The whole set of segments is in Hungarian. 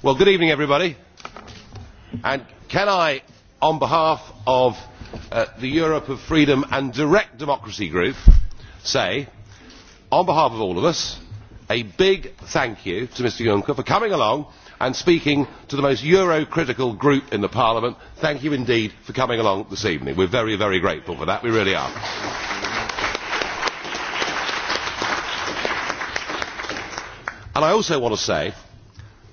Well, good evening, everybody. And can I, on behalf of uh, the Europe of Freedom and Direct Democracy Group, say, on behalf of all of us, a big thank you to Mr Juncker for coming along and speaking to the most Euro-critical group in the Parliament. Thank you indeed for coming along this evening. We're very, very grateful for that. We really are. And I also want to say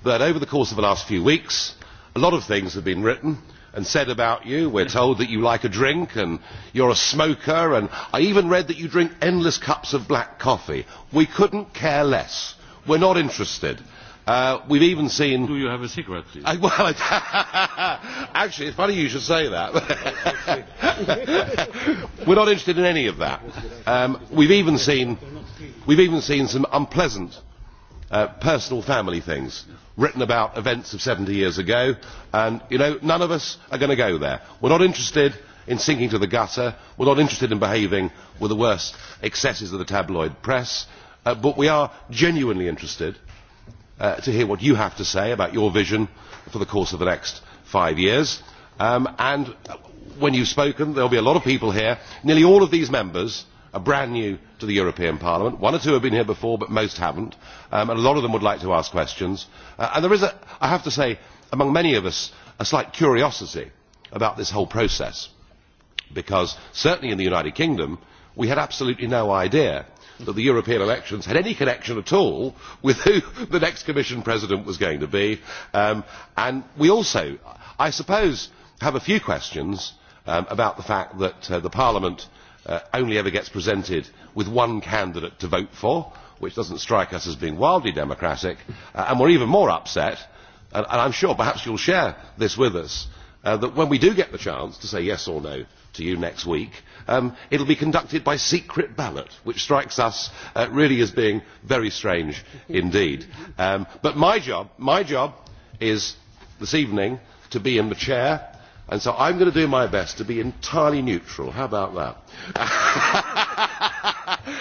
that over the course of the last few weeks a lot of things have been written and said about you. we are told that you like a drink and you are a smoker and i even read that you drink endless cups of black coffee. we couldn't care less. we are not interested. Uh, we've even seen. Do you have a cigarette, please? I, well, actually, it's funny you should say that. we're not interested in any of that. Um, we've even seen, we've even seen some unpleasant uh, personal family things written about events of 70 years ago and you know none of us are going to go there. We're not interested in sinking to the gutter We're not interested in behaving with the worst excesses of the tabloid press uh, but we are genuinely interested uh, to hear what you have to say about your vision for the course of the next five years um, and when you've spoken there will be a lot of people here nearly all of these members are brand new to the European Parliament. One or two have been here before, but most haven't. not um, and a lot of them would like to ask questions. Uh, and there is, I have to say, among many of us, a slight curiosity about this whole process. Because certainly in the United Kingdom, we had absolutely no idea that the European elections had any connection at all with who the next Commission President was going to be. Um, and we also, I suppose, have a few questions um, about the fact that uh, the Parliament Uh, only ever gets presented with one candidate to vote for, which doesn't strike us as being wildly democratic, uh, and we're even more upset, and, and I'm sure perhaps you'll share this with us, uh, that when we do get the chance to say yes or no to you next week, um, it will be conducted by secret ballot, which strikes us uh, really as being very strange indeed. Um, but my job, my job is this evening to be in the chair And so I'm going to do my best to be entirely neutral. How about that?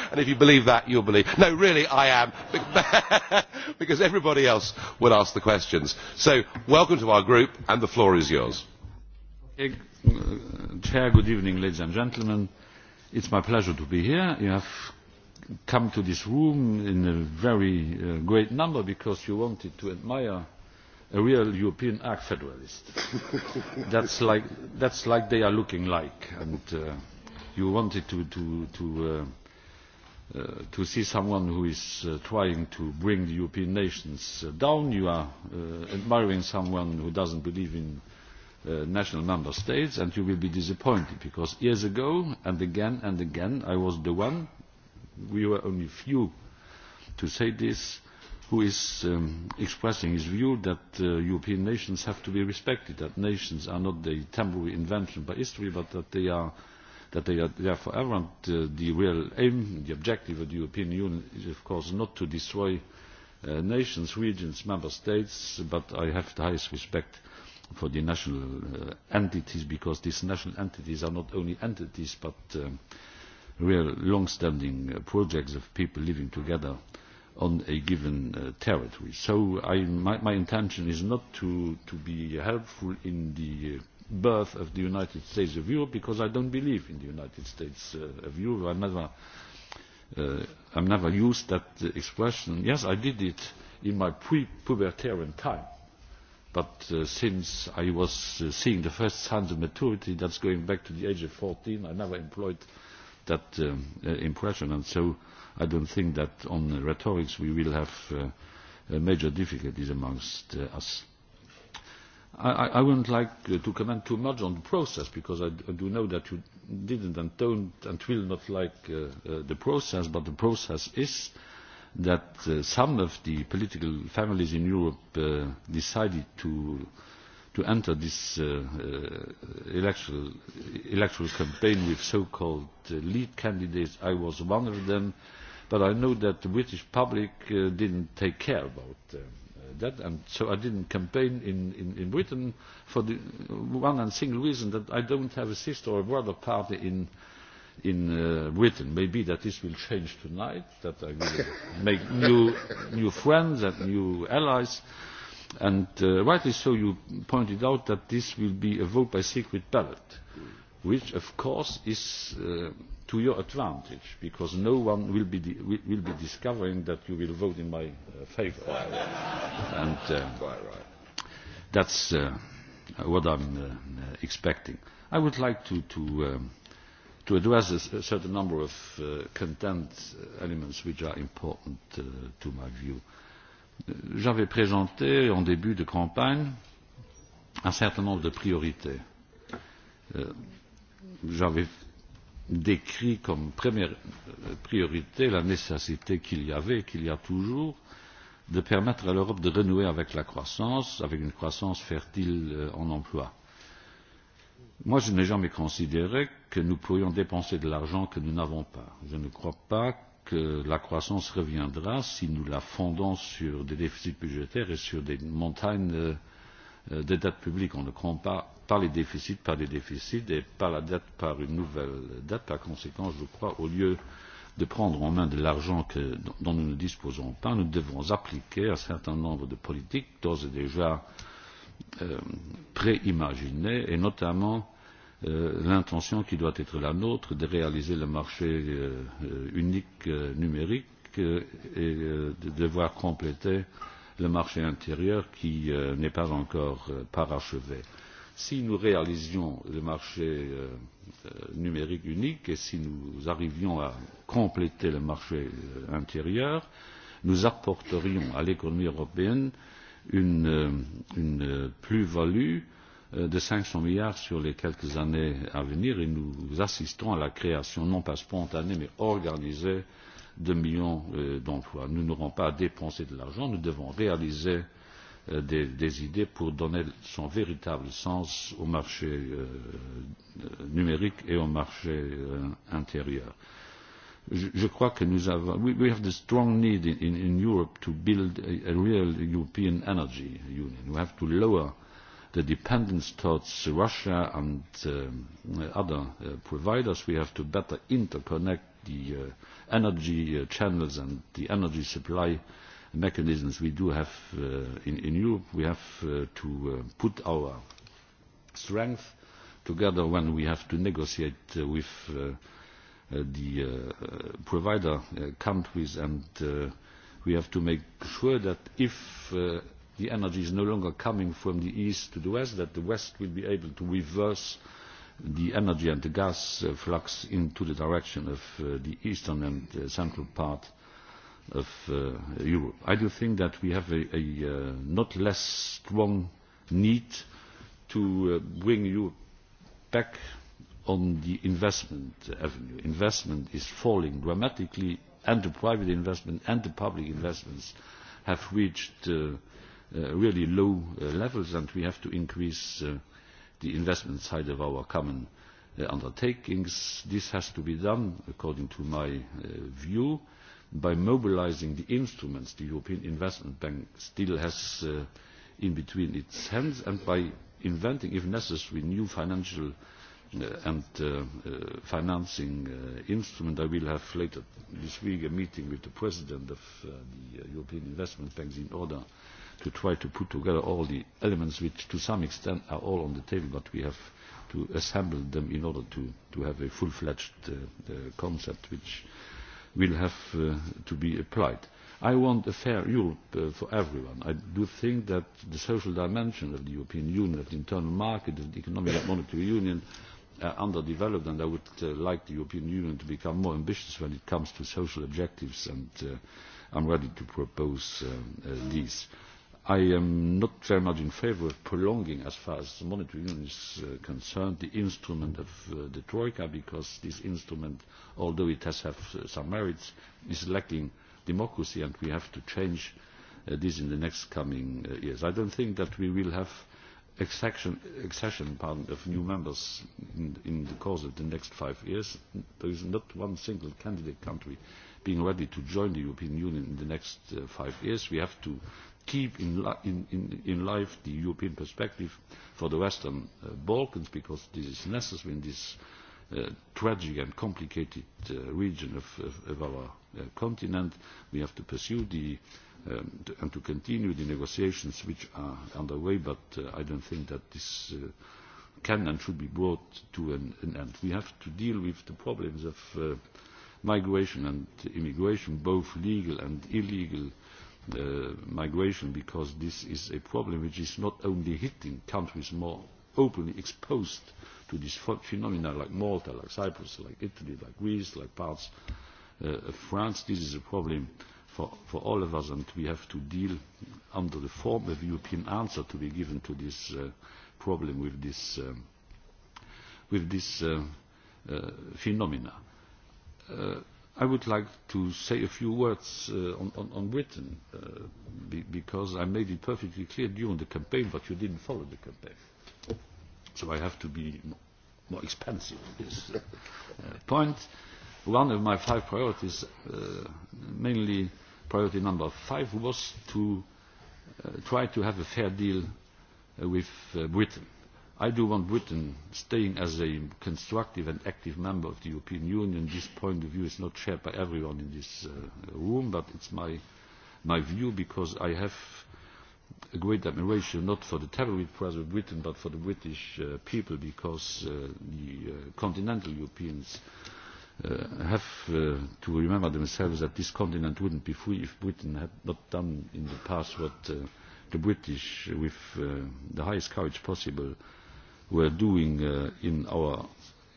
and if you believe that, you'll believe. No, really, I am. because everybody else will ask the questions. So, welcome to our group, and the floor is yours. Hey, Chair, good evening, ladies and gentlemen. It's my pleasure to be here. You have come to this room in a very uh, great number because you wanted to admire a real European arc federalist. that's, like, that's like they are looking like. And uh, you wanted to, to, to, uh, uh, to see someone who is uh, trying to bring the European nations uh, down. You are uh, admiring someone who doesn't believe in uh, national member states, and you will be disappointed because years ago and again and again I was the one, we were only few to say this, who is um, expressing his view that uh, European nations have to be respected, that nations are not the temporary invention by history, but that they are, that they are there forever. And uh, the real aim, the objective of the European Union is, of course, not to destroy uh, nations, regions, member states, but I have the highest respect for the national uh, entities, because these national entities are not only entities, but um, real long-standing uh, projects of people living together on a given uh, territory. So I, my, my intention is not to, to be helpful in the uh, birth of the United States of Europe because I don't believe in the United States uh, of Europe. I never, uh, never used that expression. Yes, I did it in my pre-pubertarian time. But uh, since I was uh, seeing the first signs of maturity, that's going back to the age of 14, I never employed that uh, uh, impression. And so I don't think that on rhetoric rhetorics we will have uh, uh, major difficulties amongst uh, us. I, I wouldn't like uh, to comment too much on the process because I, I do know that you didn't and don't and will not like uh, uh, the process, but the process is that uh, some of the political families in Europe uh, decided to uh, to enter this uh, uh, electoral, electoral campaign with so-called uh, lead candidates. I was one of them, but I know that the British public uh, didn't take care about uh, that, and so I didn't campaign in, in, in Britain for the one and single reason that I don't have a sister or brother party in, in uh, Britain. Maybe that this will change tonight, that I will make new, new friends and new allies. And uh, rightly so, you pointed out that this will be a vote by secret ballot, which, of course, is uh, to your advantage, because no one will be, will be discovering that you will vote in my uh, favour. and uh, Quite right. that's uh, what I'm uh, expecting. I would like to, to, um, to address a, a certain number of uh, content uh, elements which are important uh, to my view j'avais présenté en début de campagne un certain nombre de priorités. Euh, j'avais décrit comme première euh, priorité la nécessité qu'il y avait et qu'il y a toujours de permettre à l'Europe de renouer avec la croissance, avec une croissance fertile euh, en emploi. Moi, je n'ai jamais considéré que nous pourrions dépenser de l'argent que nous n'avons pas. Je ne crois pas que la croissance reviendra si nous la fondons sur des déficits budgétaires et sur des montagnes de euh, euh, dettes publiques. On ne compte pas par les déficits par les déficits et par la dette par une nouvelle dette. Par conséquent, je crois, au lieu de prendre en main de l'argent dont nous ne disposons pas, nous devons appliquer un certain nombre de politiques d'ores et déjà euh, préimaginées et notamment Euh, l'intention qui doit être la nôtre de réaliser le marché euh, unique euh, numérique euh, et euh, de devoir compléter le marché intérieur qui euh, n'est pas encore euh, parachevé. Si nous réalisions le marché euh, euh numérique unique et si nous arrivions à compléter le marché euh, intérieur, nous apporterions à l'économie européenne une, euh, une plus-value euh, Euh, de 500 milliards sur les quelques années à venir et nous assistons à la création, non pas spontanée, mais organisée de millions euh, d'emplois. Nous n'aurons pas à dépenser de l'argent, nous devons réaliser euh, des, des idées pour donner son véritable sens au marché euh, euh numérique et au marché euh, intérieur. Je, je crois que nous avons, we, we have the strong need in, in, in Europe to build a, a real European energy union. We have to lower uh, the dependence towards Russia and uh, other uh, providers. We have to better interconnect the uh, energy uh, channels and the energy supply mechanisms we do have uh, in, in Europe. We have uh, to uh, put our strength together when we have to negotiate uh, with uh, uh, the uh, uh, provider uh, countries and uh, we have to make sure that if uh, the energy is no longer coming from the east to the west, that the west will be able to reverse the energy and the gas uh, flux into the direction of uh, the eastern and uh, central part of uh, Europe. I do think that we have a, a uh, not less strong need to uh, bring Europe back on the investment avenue. Investment is falling dramatically and the private investment and the public investments have reached uh, uh, really low uh, levels, and we have to increase uh, the investment side of our common uh, undertakings. This has to be done, according to my uh, view, by mobilizing the instruments the European Investment Bank still has uh, in between its hands and by inventing, if necessary, new financial uh, and uh, uh, financing uh, instrument. I will have later this week a meeting with the President of uh, the uh, European Investment Bank in order uh, to try to put together all the elements which to some extent are all on the table but we have to assemble them in order to, to have a full-fledged uh, uh, concept which will have uh, to be applied. I want a fair Europe uh, for everyone. I do think that the social dimension of the European Union, of the internal market, of the economic and monetary union are underdeveloped and I would uh, like the European Union to become more ambitious when it comes to social objectives and uh, I'm ready to propose uh, uh, these. Uh, I am not very much in favour of prolonging, as far as the monetary union is uh, concerned, the instrument of uh, the Troika, because this instrument, although it has have, uh, some merits, is lacking democracy, and we have to change uh, this in the next coming uh, years. I don't think that we will have accession, accession pardon, of new members in, in the course of the next five years. There is not one single candidate country being ready to join the European Union in the next uh, five years. We have to keep in, li in, in, in life the European perspective for the Western uh, Balkans because this is necessary in this uh, tragic and complicated uh, region of, of, of our uh, continent. We have to pursue the, um, to, and to continue the negotiations which are underway, but uh, I don't think that this uh, can and should be brought to an, an end. We have to deal with the problems of uh, migration and immigration, both legal and illegal Uh, migration because this is a problem which is not only hitting countries more openly exposed to this phenomena like Malta, like Cyprus, like Italy, like Greece, like parts uh, of France. This is a problem for, for all of us and we have to deal under the form of European answer to be given to this uh, problem with this, um, with this uh, uh, phenomena. Uh, I would like to say a few words uh, on, on, on Britain, uh, be, because I made it perfectly clear during the campaign, but you didn't follow the campaign. So I have to be more expansive on this uh, point. One of my five priorities, uh, mainly priority number five, was to uh, try to have a fair deal uh, with uh, Britain I do want Britain staying as a constructive and active member of the European Union. This point of view is not shared by everyone in this uh, room, but it's my, my view because I have a great admiration not for the terrorist press of Britain, but for the British uh, people because uh, the uh, continental Europeans uh, have uh, to remember themselves that this continent wouldn't be free if Britain had not done in the past what uh, the British, with uh, the highest courage possible, uh, We're doing uh, in our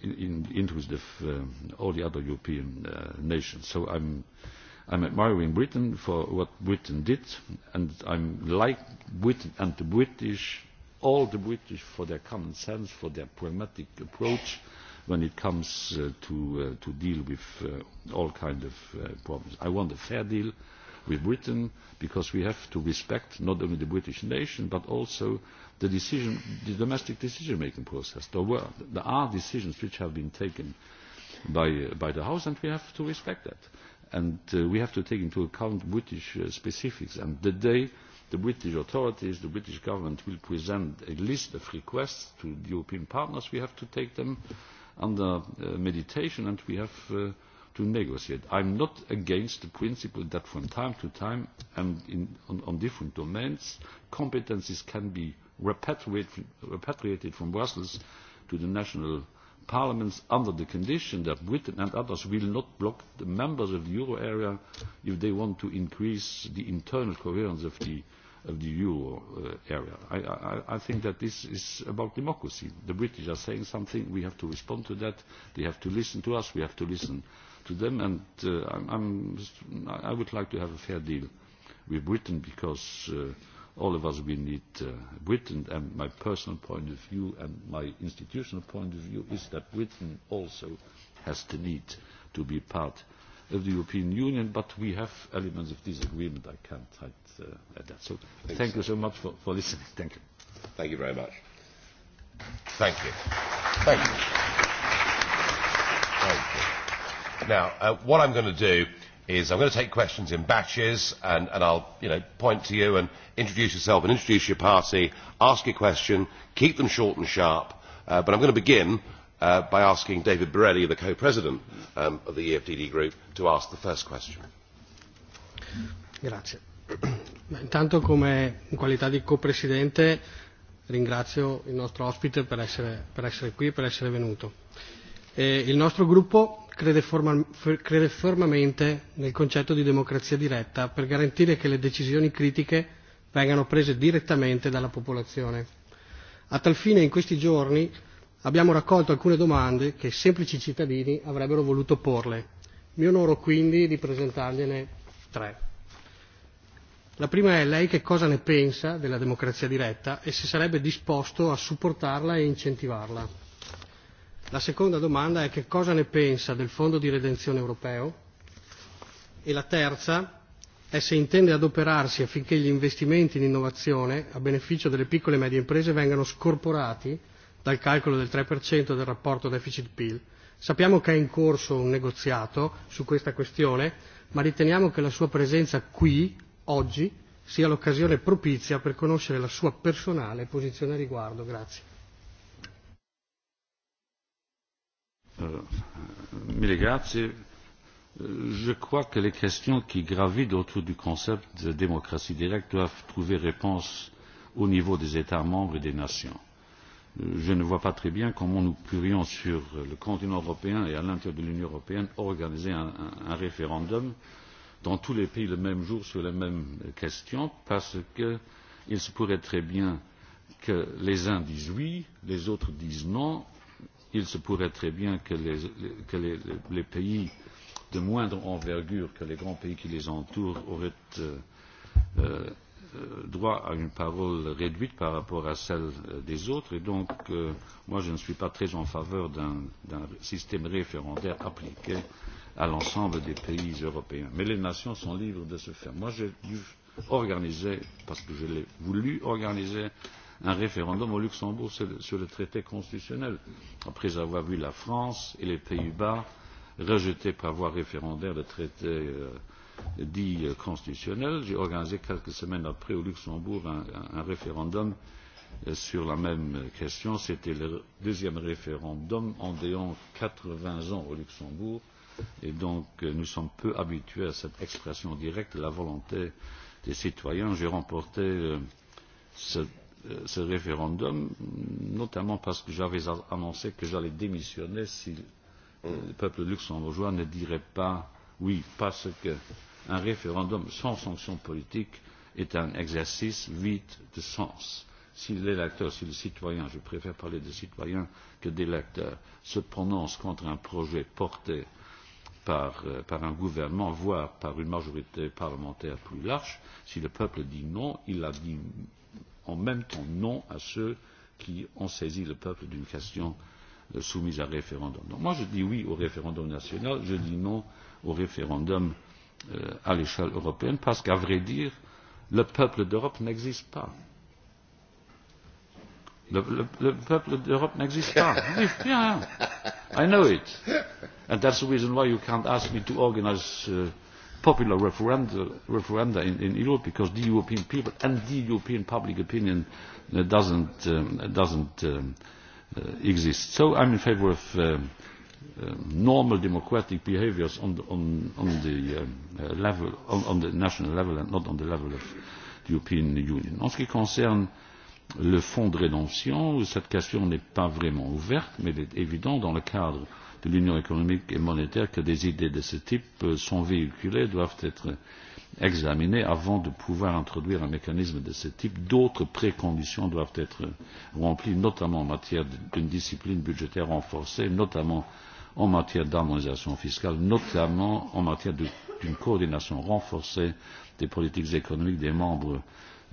in, in interest of uh, all the other European uh, nations. So I'm, I'm admiring Britain for what Britain did, and I'm like Britain and the British, all the British for their common sense, for their pragmatic approach when it comes uh, to, uh, to deal with uh, all kinds of uh, problems. I want a fair deal with Britain because we have to respect not only the British nation but also the, decision, the domestic decision-making process. There, were, there are decisions which have been taken by, uh, by the House, and we have to respect that. And uh, we have to take into account British uh, specifics. And the day the British authorities, the British government will present a list of requests to the European partners, we have to take them under uh, meditation and we have uh, to negotiate. I'm not against the principle that from time to time and in, on, on different domains, competences can be repatriated, repatriated from Brussels to the national parliaments under the condition that Britain and others will not block the members of the euro area if they want to increase the internal coherence of the, of the euro uh, area. I, I, I think that this is about democracy. The British are saying something, we have to respond to that, they have to listen to us, we have to listen to them, and uh, I'm, I'm, I would like to have a fair deal with Britain because uh, all of us, we need uh, Britain. And my personal point of view and my institutional point of view is that Britain also has the need to be part of the European Union, but we have elements of disagreement. I can't hide uh, at that. So thank you so much for, for listening. Thank you. Thank you very much. Thank you. Thank you. Thank you. Now, uh, what I'm going to do is I'm going to take questions in batches and, and I'll you know, point to you and introduce yourself and introduce your party, ask your question, keep them short and sharp. Uh, but I'm going to begin uh, by asking David Borelli, the co-president um, of the EFDD group, to ask the first question. Grazie. Intanto come in qualità di co-presidente ringrazio il nostro ospite per essere, per essere qui, per essere venuto. E il nostro gruppo crede, forma, crede fermamente nel concetto di democrazia diretta per garantire che le decisioni critiche vengano prese direttamente dalla popolazione. A tal fine in questi giorni abbiamo raccolto alcune domande che semplici cittadini avrebbero voluto porle. Mi onoro quindi di presentargliene tre. La prima è lei che cosa ne pensa della democrazia diretta e se sarebbe disposto a supportarla e incentivarla La seconda domanda è che cosa ne pensa del Fondo di redenzione europeo e la terza è se intende adoperarsi affinché gli investimenti in innovazione a beneficio delle piccole e medie imprese vengano scorporati dal calcolo del 3% del rapporto deficit-PIL. Sappiamo che è in corso un negoziato su questa questione, ma riteniamo che la sua presenza qui, oggi, sia l'occasione propizia per conoscere la sua personale posizione a riguardo. Grazie. Euh, Milligard, euh, je crois que les questions qui gravitent autour du concept de démocratie directe doivent trouver réponse au niveau des États membres et des nations. Euh, je ne vois pas très bien comment nous pourrions, sur le continent européen et à l'intérieur de l'Union européenne, organiser un, un, un référendum dans tous les pays le même jour sur les mêmes questions, parce qu'il se pourrait très bien que les uns disent oui, les autres disent non, il se pourrait très bien que les, que les, les pays de moindre envergure que les grands pays qui les entourent auraient euh, euh, droit à une parole réduite par rapport à celle des autres. Et donc, euh, moi, je ne suis pas très en faveur d'un système référendaire appliqué à l'ensemble des pays européens. Mais les nations sont libres de se faire. Moi, j'ai dû organiser, parce que je l'ai voulu organiser, un référendum au Luxembourg sur le, traité constitutionnel, après avoir vu la France et les Pays-Bas rejeter par voie référendaire le traité euh, dit euh, constitutionnel. J'ai organisé quelques semaines après au Luxembourg un, un, référendum euh, sur la même question. C'était le deuxième référendum en ayant 80 ans au Luxembourg. Et donc, euh, nous sommes peu habitués à cette expression directe de la volonté des citoyens. J'ai remporté euh, cette ce référendum, notamment parce que j'avais annoncé que j'allais démissionner si le mm. peuple luxembourgeois ne dirait pas oui, parce que un référendum sans sanction politique est un exercice vide de sens. Si l'électeur, si le citoyen, je préfère parler de citoyen que d'électeur, se prononce contre un projet porté par, euh, par un gouvernement, voire par une majorité parlementaire plus large, si le peuple dit non, il a dit en même temps non à ceux qui ont saisi le peuple d'une question euh, soumise à référendum. Donc moi je dis oui au référendum national, je dis non au référendum euh, à l'échelle européenne parce qu'à vrai dire, le peuple d'Europe n'existe pas. Le, le, le peuple d'Europe n'existe pas. Oui, yeah, I know it. And that's the reason why you can't ask me to organize uh, popular referenda, referenda in, in Europe because the European people and the European public opinion uh, doesn't, um, doesn't um, uh, exist. So I'm in favour of uh, uh, normal democratic behaviours on the, on, on the uh, uh, level, on, on the national level and not on the level of the European Union. En ce qui concerne le fonds de rédemption, cette question n'est pas vraiment ouverte, mais il est évident dans le cadre euh, de l'Union économique et monétaire que des idées de ce type euh, sont véhiculées, doivent être examinées avant de pouvoir introduire un mécanisme de ce type. D'autres préconditions doivent être remplies, notamment en matière d'une discipline budgétaire renforcée, notamment en matière d'harmonisation fiscale, notamment en matière d'une coordination renforcée des politiques économiques des membres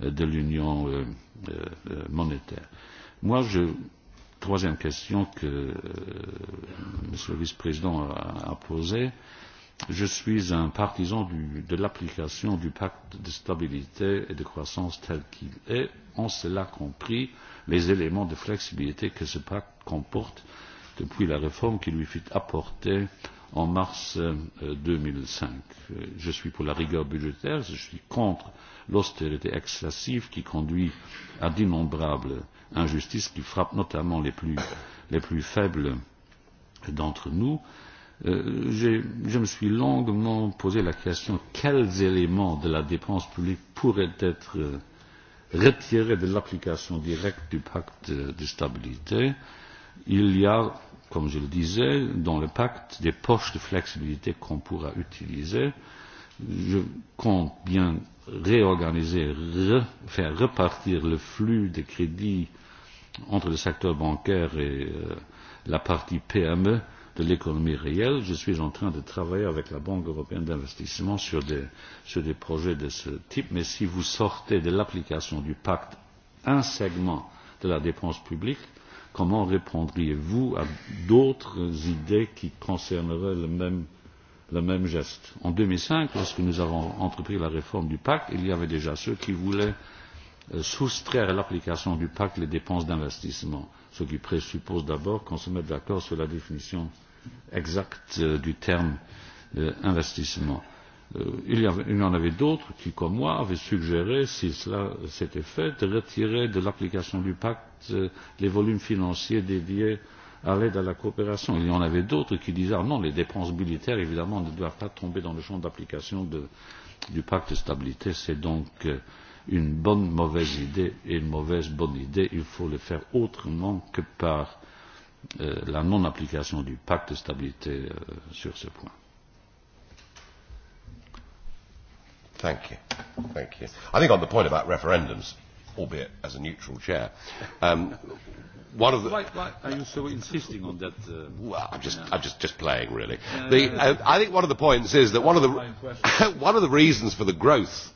euh, de l'union euh, monétaire. Moi, je troisième question que euh, Monsieur le Vice-président a, a posée, je suis un partisan du, de l'application du pacte de stabilité et de croissance tel qu'il est, en cela compris les éléments de flexibilité que ce pacte comporte depuis la réforme qui lui fut apportée en mars euh, deux mille Je suis pour la rigueur budgétaire, je suis contre euh, l'austérité excessive qui conduit à d'innombrables injustices qui frappent notamment les plus, les plus faibles d'entre nous. Euh, je me suis longuement posé la question quels éléments de la dépense publique pourraient être retirés de l'application directe du pacte de stabilité. Il y a, comme je le disais, dans le pacte des poches de flexibilité qu'on pourra utiliser. Euh, je compte bien réorganiser, re, faire repartir le flux des crédits entre le secteur bancaire et euh, la partie PME de l'économie réelle. Je suis en train de travailler avec la Banque européenne d'investissement sur des, sur des projets de ce type, mais si vous sortez de l'application du pacte un segment de la dépense publique, comment répondriez-vous à d'autres idées qui concerneraient le même le même geste. En 2005, lorsque nous avons entrepris la réforme du pacte, il y avait déjà ceux qui voulaient euh, soustraire à l'application du pacte les dépenses d'investissement, ce qui présuppose d'abord qu'on se mette d'accord sur la définition exacte euh, du terme euh, investissement. Euh, Il y, avait, il y en avait d'autres qui, comme moi, avaient suggéré, si cela s'était fait, de retirer de l'application du pacte euh, les volumes financiers dédiés à l'aide à la coopération. Il y en avait d'autres qui disaient ah non, les dépenses militaires, évidemment, ne doivent pas tomber dans le champ d'application de, du pacte de stabilité. C'est donc euh, une bonne mauvaise idée et une mauvaise bonne idée. Il faut le faire autrement que par euh, la non-application du pacte de stabilité euh, sur ce point. Thank you. Thank you. I think on the point about referendums, albeit as a neutral chair, um, one of the why, why are you so insisting on that? Uh, well, I'm just, yeah. I'm just, just playing really. Yeah, the, yeah, yeah. Uh, I, think one of the points is that one of the one of the reasons for the growth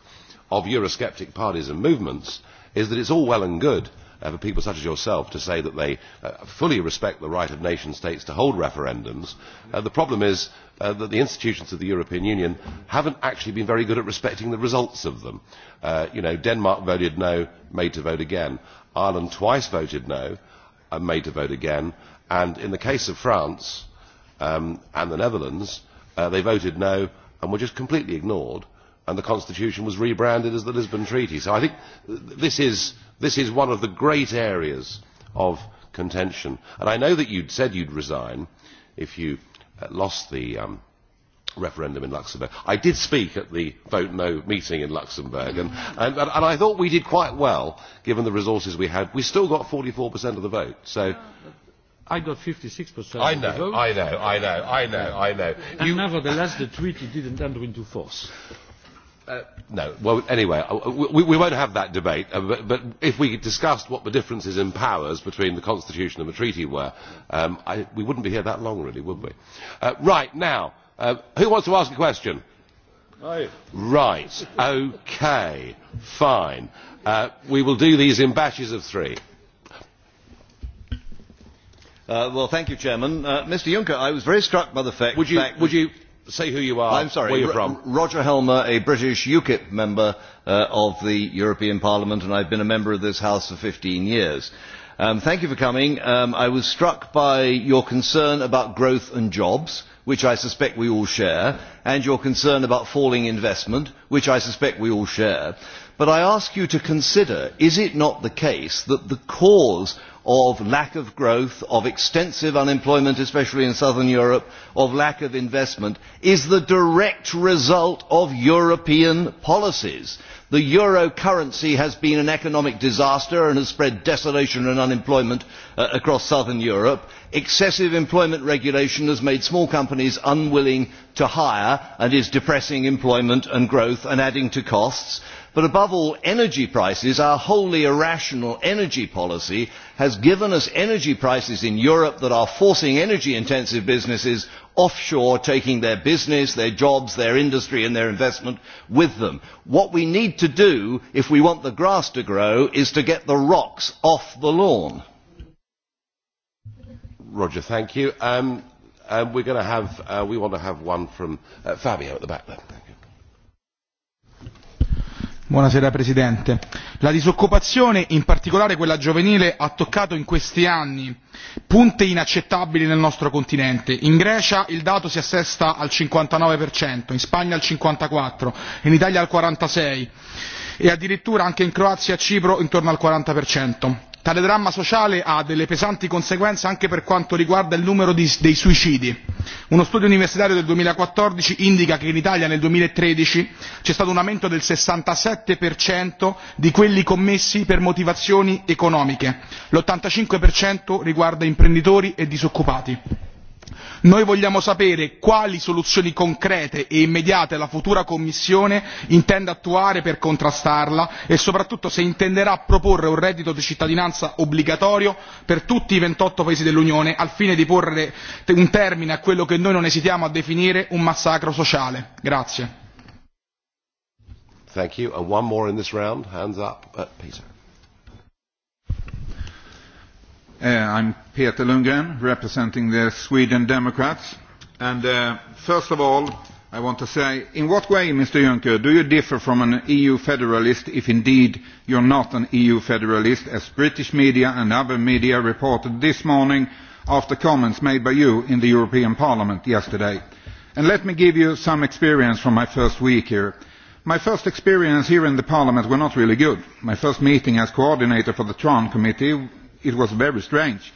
of Eurosceptic parties and movements is that it's all well and good uh, for people such as yourself to say that they uh, fully respect the right of nation states to hold referendums. Uh, the problem is uh, that the institutions of the European Union haven't actually been very good at respecting the results of them. Uh, you know, Denmark voted no, made to vote again. Ireland twice voted no and made to vote again. And in the case of France um, and the Netherlands, uh, they voted no and were just completely ignored. And the Constitution was rebranded as the Lisbon Treaty. So I think this is, this is one of the great areas of contention. And I know that you'd said you'd resign if you uh, lost the um, referendum in Luxembourg. I did speak at the Vote No meeting in Luxembourg, and, and, and I thought we did quite well, given the resources we had. We still got 44% of the vote. So. I got 56% I know, of the vote. I know, I know, I know, I know. And you... nevertheless, the treaty didn't enter into force. Uh, no. Well, anyway, uh, we, we won't have that debate. Uh, but, but if we discussed what the differences in powers between the Constitution and the treaty were, um, I, we wouldn't be here that long, really, would we? Uh, right now, Uh, who wants to ask a question? Aye. Right. Okay. Fine. Uh, we will do these in batches of three. Uh, well, thank you, Chairman. Uh, Mr. Juncker, I was very struck by the fact. Would you, fact would you say who you are? I'm sorry. Where you're from? Roger Helmer, a British UKIP member uh, of the European Parliament, and I've been a member of this House for 15 years. Um, thank you for coming. Um, I was struck by your concern about growth and jobs which I suspect we all share, and your concern about falling investment, which I suspect we all share. But I ask you to consider, is it not the case that the cause of lack of growth, of extensive unemployment, especially in southern Europe, of lack of investment, is the direct result of European policies. The euro currency has been an economic disaster and has spread desolation and unemployment uh, across southern Europe excessive employment regulation has made small companies unwilling to hire and is depressing employment and growth and adding to costs but above all energy prices our wholly irrational energy policy has given us energy prices in europe that are forcing energy intensive businesses offshore taking their business their jobs their industry and their investment with them. what we need to do if we want the grass to grow is to get the rocks off the lawn. Roger, thank you. Um, um, we're going to have, uh, we want to have one from uh, Fabio at the back there. Buonasera Presidente. La disoccupazione, in particolare quella giovanile, ha toccato in questi anni punte inaccettabili nel nostro continente. In Grecia il dato si assesta al 59%, in Spagna al 54%, in Italia al 46% e addirittura anche in Croazia e Cipro intorno al 40% tale dramma sociale ha delle pesanti conseguenze anche per quanto riguarda il numero dei suicidi uno studio universitario del duemilaquattordici indica che in italia nel duemilatredici c'è stato un aumento del sessantasette per cento di quelli commessi per motivazioni economiche l' ottantacinque per cento riguarda imprenditori e disoccupati noi vogliamo sapere quali soluzioni concrete e immediate la futura commissione intende attuare per contrastarla e soprattutto se intenderà proporre un reddito di cittadinanza obbligatorio per tutti i ventotto paesi dell'unione al fine di porre un termine a quello che noi non esitiamo a definire un massacro sociale. Eh, I'm Peter Lundgren, representing the Sweden Democrats. And uh, first of all, I want to say, in what way, Mr Juncker, do you differ from an EU federalist if indeed you're not an EU federalist, as British media and other media reported this morning after comments made by you in the European Parliament yesterday? And let me give you some experience from my first week here. My first experience here in the Parliament were not really good. My first meeting as coordinator for the Tran Committee it was very strange.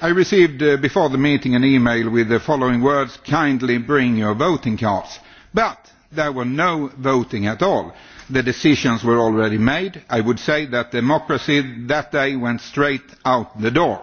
I received uh, before the meeting an email with the following words, kindly bring your voting cards. But there were no voting at all. The decisions were already made. I would say that democracy that day went straight out the door.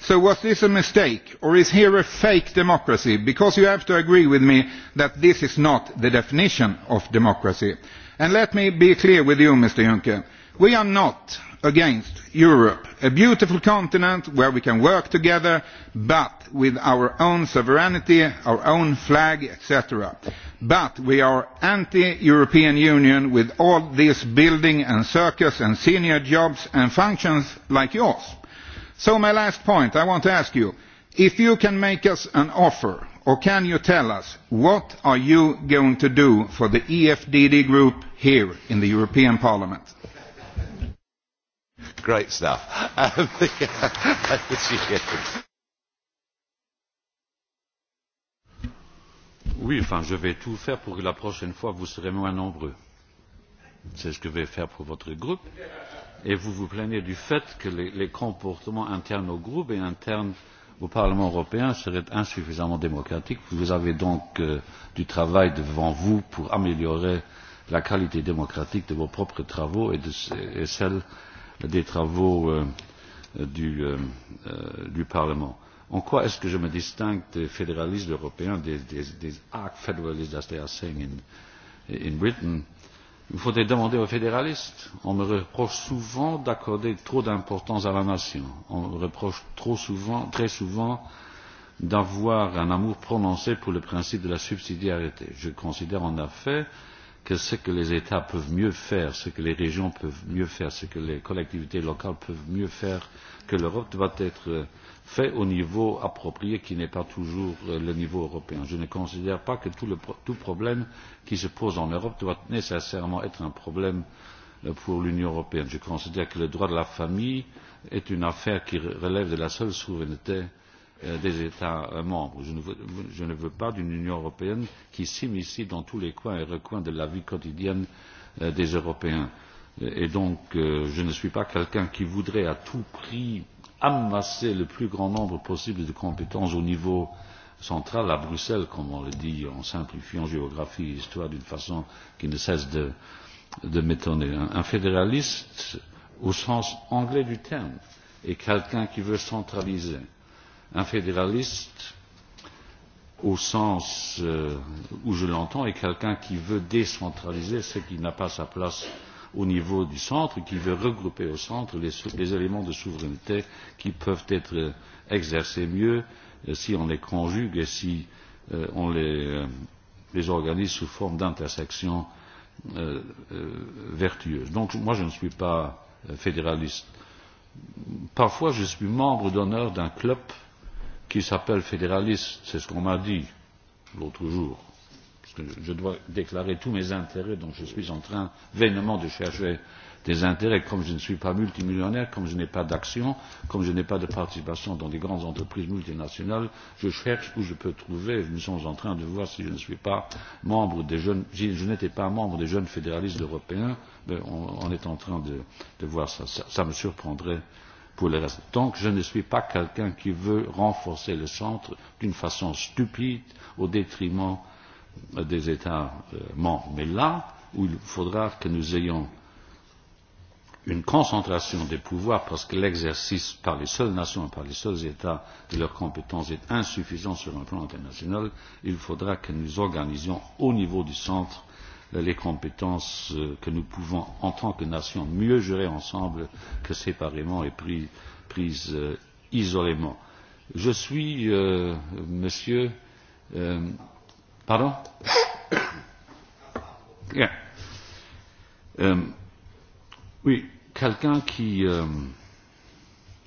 So was this a mistake or is here a fake democracy? Because you have to agree with me that this is not the definition of democracy. And let me be clear with you, Mr Juncker. We are not against europe a beautiful continent where we can work together but with our own sovereignty our own flag etc. but we are anti european union with all this building and circus and senior jobs and functions like yours. so my last point i want to ask you if you can make us an offer or can you tell us what are you going to do for the efdd group here in the european parliament? great stuff. Um, oui, enfin, je vais tout faire pour que la prochaine fois, vous serez moins nombreux. C'est ce que je vais faire pour votre groupe. Et vous vous plaignez du fait que les, les comportements internes au groupe et internes au Parlement européen seraient insuffisamment démocratiques. Vous avez donc euh, du travail devant vous pour améliorer la qualité démocratique de vos propres travaux et, de, et celle euh, des travaux euh, du, euh, euh, du Parlement. En quoi est-ce que je me distingue des fédéralistes européens, des, des, des arc federalists, as they are saying in, in Britain Il faudrait demander aux fédéralistes. On me reproche souvent d'accorder trop d'importance à la nation. On me reproche trop souvent, très souvent d'avoir un amour prononcé pour le principe de la subsidiarité. Je considère en effet euh, que ce que les États peuvent mieux faire, ce que les régions peuvent mieux faire, ce que les collectivités locales peuvent mieux faire que l'Europe doit être fait au niveau approprié qui n'est pas toujours le niveau européen. Je ne considère pas que tout, le, tout problème qui se pose en Europe doit nécessairement être un problème euh, pour l'Union européenne. Je considère que le droit de la famille est une affaire qui relève de la seule souveraineté euh, Euh, des États membres. Je ne veux, je ne veux pas d'une Union européenne qui s'immisce dans tous les coins et recoins de la vie quotidienne euh, des Européens. Et donc, euh, je ne suis pas quelqu'un qui voudrait à tout prix amasser le plus grand nombre possible de compétences au niveau central, à Bruxelles, comme on le dit, en simplifiant géographie et histoire d'une façon qui ne cesse de, de m'étonner. Un, un fédéraliste, au sens anglais du terme, est quelqu'un qui veut centraliser. Euh, un fédéraliste au sens euh, où je l'entends est quelqu'un qui veut décentraliser ce qui n'a pas sa place au niveau du centre, qui veut regrouper au centre les, les éléments de souveraineté qui peuvent être exercés mieux euh, si on les conjugue et si euh, on les, euh, les organise sous forme d'intersection euh, euh, vertueuse. Donc moi je ne suis pas fédéraliste. Parfois je suis membre d'honneur d'un club euh, qui s'appelle fédéraliste, c'est ce qu'on m'a dit l'autre jour, parce que je dois déclarer tous mes intérêts, donc je suis en train vainement de chercher des intérêts, comme je ne suis pas multimillionnaire, comme je n'ai pas d'action, comme je n'ai pas de participation dans des grandes entreprises multinationales, je cherche où je peux trouver. Nous sommes en train de voir si je ne suis pas membre des jeunes, si je n'étais pas membre des jeunes fédéralistes européens, mais on, on est en train de, de voir ça. ça. Ça me surprendrait pour le reste. Donc je ne suis pas quelqu'un qui veut renforcer le centre d'une façon stupide au détriment euh, des États euh, membres. Mais là où il faudra que nous ayons une concentration des pouvoirs parce que l'exercice par les seules nations et par les seuls États de leurs compétences est insuffisant sur un plan international, il faudra que nous organisions au niveau du centre Euh, les compétences euh, que nous pouvons en tant que nation mieux gérer ensemble que séparément et prises euh, isolément. Je suis, euh, monsieur. Euh, pardon yeah. euh, Oui, quelqu'un qui euh,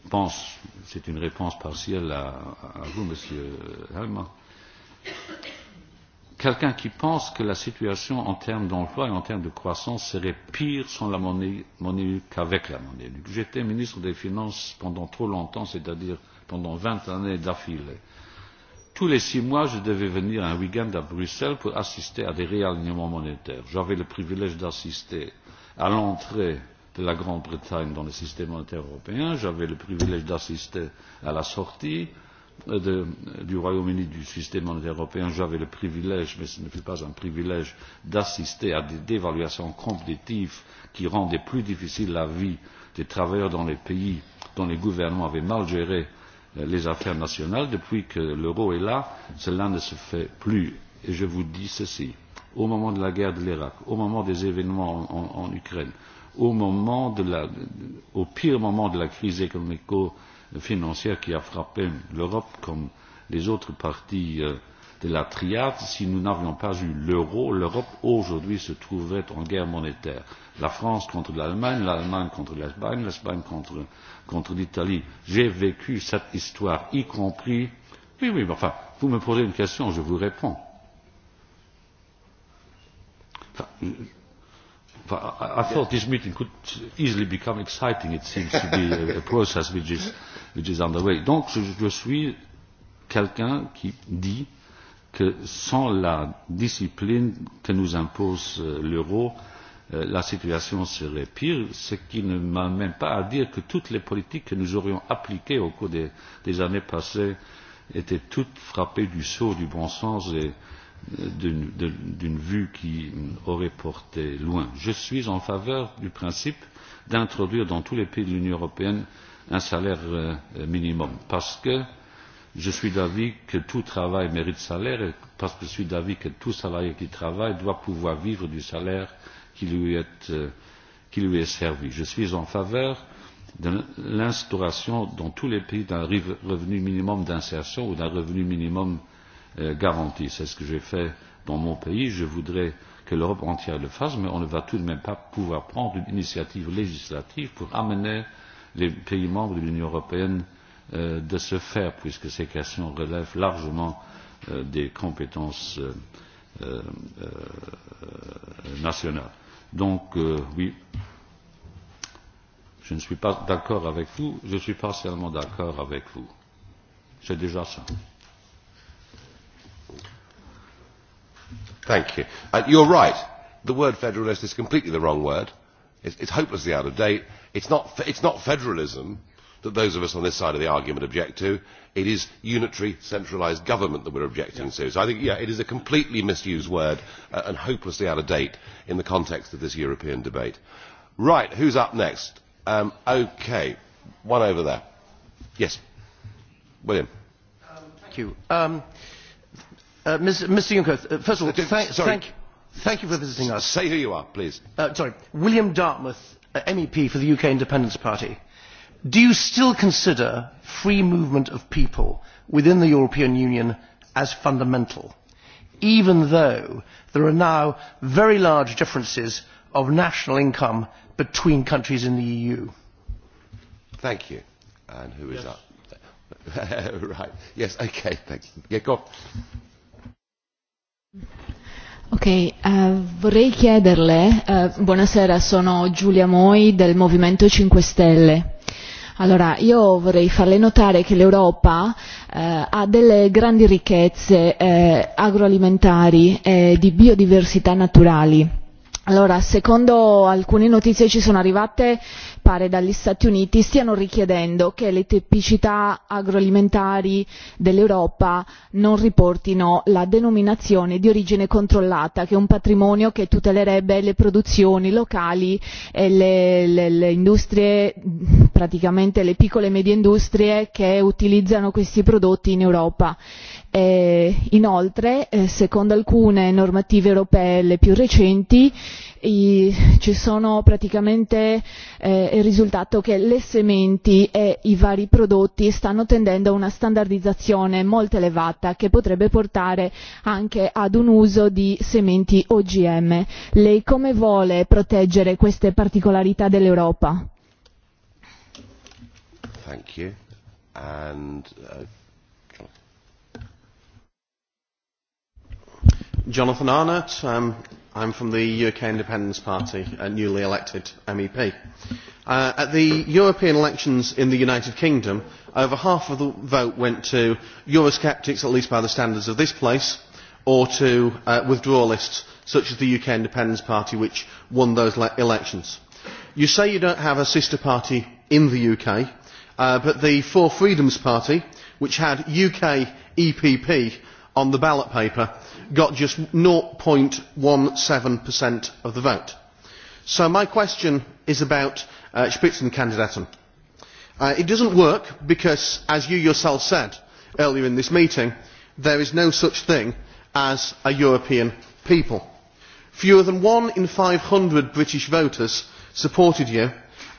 pense, c'est une réponse partielle à, à vous, monsieur Helmer quelqu'un qui pense que la situation en termes d'emploi et en termes de croissance serait pire sans la monnaie, monnaie unique qu'avec la monnaie unique. J'étais ministre des Finances pendant trop longtemps, c'est-à-dire pendant 20 années d'affilée. Tous les six mois, je devais venir un week-end à Bruxelles pour assister à des réalignements monétaires. J'avais le privilège d'assister à l'entrée de la Grande-Bretagne dans le système monétaire européen, j'avais le privilège d'assister à la sortie, euh, Euh, de, du Royaume-Uni du système monétaire européen, j'avais le privilège, mais ce ne fut pas un privilège, d'assister à des dévaluations compétitives qui rendaient plus difficile la vie des travailleurs dans les pays dont les gouvernements avaient mal géré euh, les affaires nationales. Depuis que l'euro est là, cela ne se fait plus. Et je vous dis ceci, au moment de la guerre de l'Irak, au moment des événements en, en, en Ukraine, au, moment de la, au pire moment de la crise économico financière qui a frappé l'Europe comme les autres parties euh, de la triade, si nous n'avions pas eu l'euro, l'Europe aujourd'hui se trouverait en guerre monétaire. La France contre l'Allemagne, l'Allemagne contre l'Espagne, l'Espagne contre, contre l'Italie. J'ai vécu cette histoire, y compris. Oui, oui, mais enfin, vous me posez une question, je vous réponds. Enfin, euh, I thought this meeting could easily become exciting. It seems to be a, a process which is which is underway. Donc je, je suis quelqu'un qui dit que sans la discipline que nous impose euh, l'euro, euh, la situation serait pire, ce qui ne m'amène pas à dire que toutes les politiques que nous aurions appliquées au cours des, des années passées étaient toutes frappées du sceau du bon sens et euh, d'une vue qui aurait porté loin. Je suis en faveur du principe d'introduire dans tous les pays de l'Union européenne euh, un salaire euh, minimum parce que je suis d'avis que tout travail mérite salaire et parce que je suis d'avis que tout salarié qui travaille doit pouvoir vivre du salaire qui lui est, euh, qui lui est servi. Je suis en faveur de l'instauration dans tous les pays d'un revenu minimum d'insertion ou d'un revenu minimum euh, garanti. C'est ce que j'ai fait dans mon pays. Je voudrais que l'Europe entière le fasse, mais on ne va tout de même pas pouvoir prendre une initiative législative pour amener euh, les pays membres de l'Union européenne euh, de se faire, puisque ces questions relèvent largement euh, des compétences euh, nationales. Donc, oui, je ne suis pas d'accord avec vous, je suis partiellement d'accord avec vous. C'est déjà ça. Thank you. Uh, you're right. The word federalist is completely the wrong word It's, it's hopelessly out of date. It's not, it's not federalism that those of us on this side of the argument object to. It is unitary, centralised government that we're objecting yeah. to. So I think, yeah, it is a completely misused word uh, and hopelessly out of date in the context of this European debate. Right, who's up next? Um, okay, one over there. Yes, William. Um, thank you. Um, uh, Mr. Mr. Juncker, uh, first of all, uh, thank, sorry, thank Thank you for visiting us. Say who you are, please. Uh, sorry, William Dartmouth, uh, MEP for the UK Independence Party. Do you still consider free movement of people within the European Union as fundamental, even though there are now very large differences of national income between countries in the EU? Thank you. And who is that? yes. right. Yes, okay, thanks. Yeah, go. On. Ok, uh, vorrei chiederle, uh, buonasera, sono Giulia Moi del Movimento 5 Stelle. Allora, io vorrei farle notare che l'Europa eh, ha delle grandi ricchezze eh, agroalimentari e di biodiversità naturali Allora, secondo alcune notizie che ci sono arrivate, pare dagli Stati Uniti, stiano richiedendo che le tipicità agroalimentari dell'Europa non riportino la denominazione di origine controllata, che è un patrimonio che tutelerebbe le produzioni locali e le, le, le industrie, praticamente le piccole e medie industrie che utilizzano questi prodotti in Europa Eh, inoltre eh, secondo alcune normative europee le più recenti ci sono praticamente eh, il risultato che le sementi e i vari prodotti stanno tendendo a una standardizzazione molto elevata che potrebbe portare anche ad un uso di sementi ogm. lei come vuole proteggere queste particolarità dell'europa? Jonathan Arnott. Um, I'm from the UK Independence Party, a newly elected MEP. Uh, at the European elections in the United Kingdom, over half of the vote went to Eurosceptics, at least by the standards of this place, or to uh, withdrawalists such as the UK Independence Party, which won those elections. You say you don't have a sister party in the UK, uh, but the Four Freedoms Party, which had UK EPP on the ballot paper got just. zero seventeen of the vote. so my question is about uh, spitzenkandidaten. Uh, it does not work because as you yourself said earlier in this meeting there is no such thing as a european people. fewer than one in five hundred british voters supported you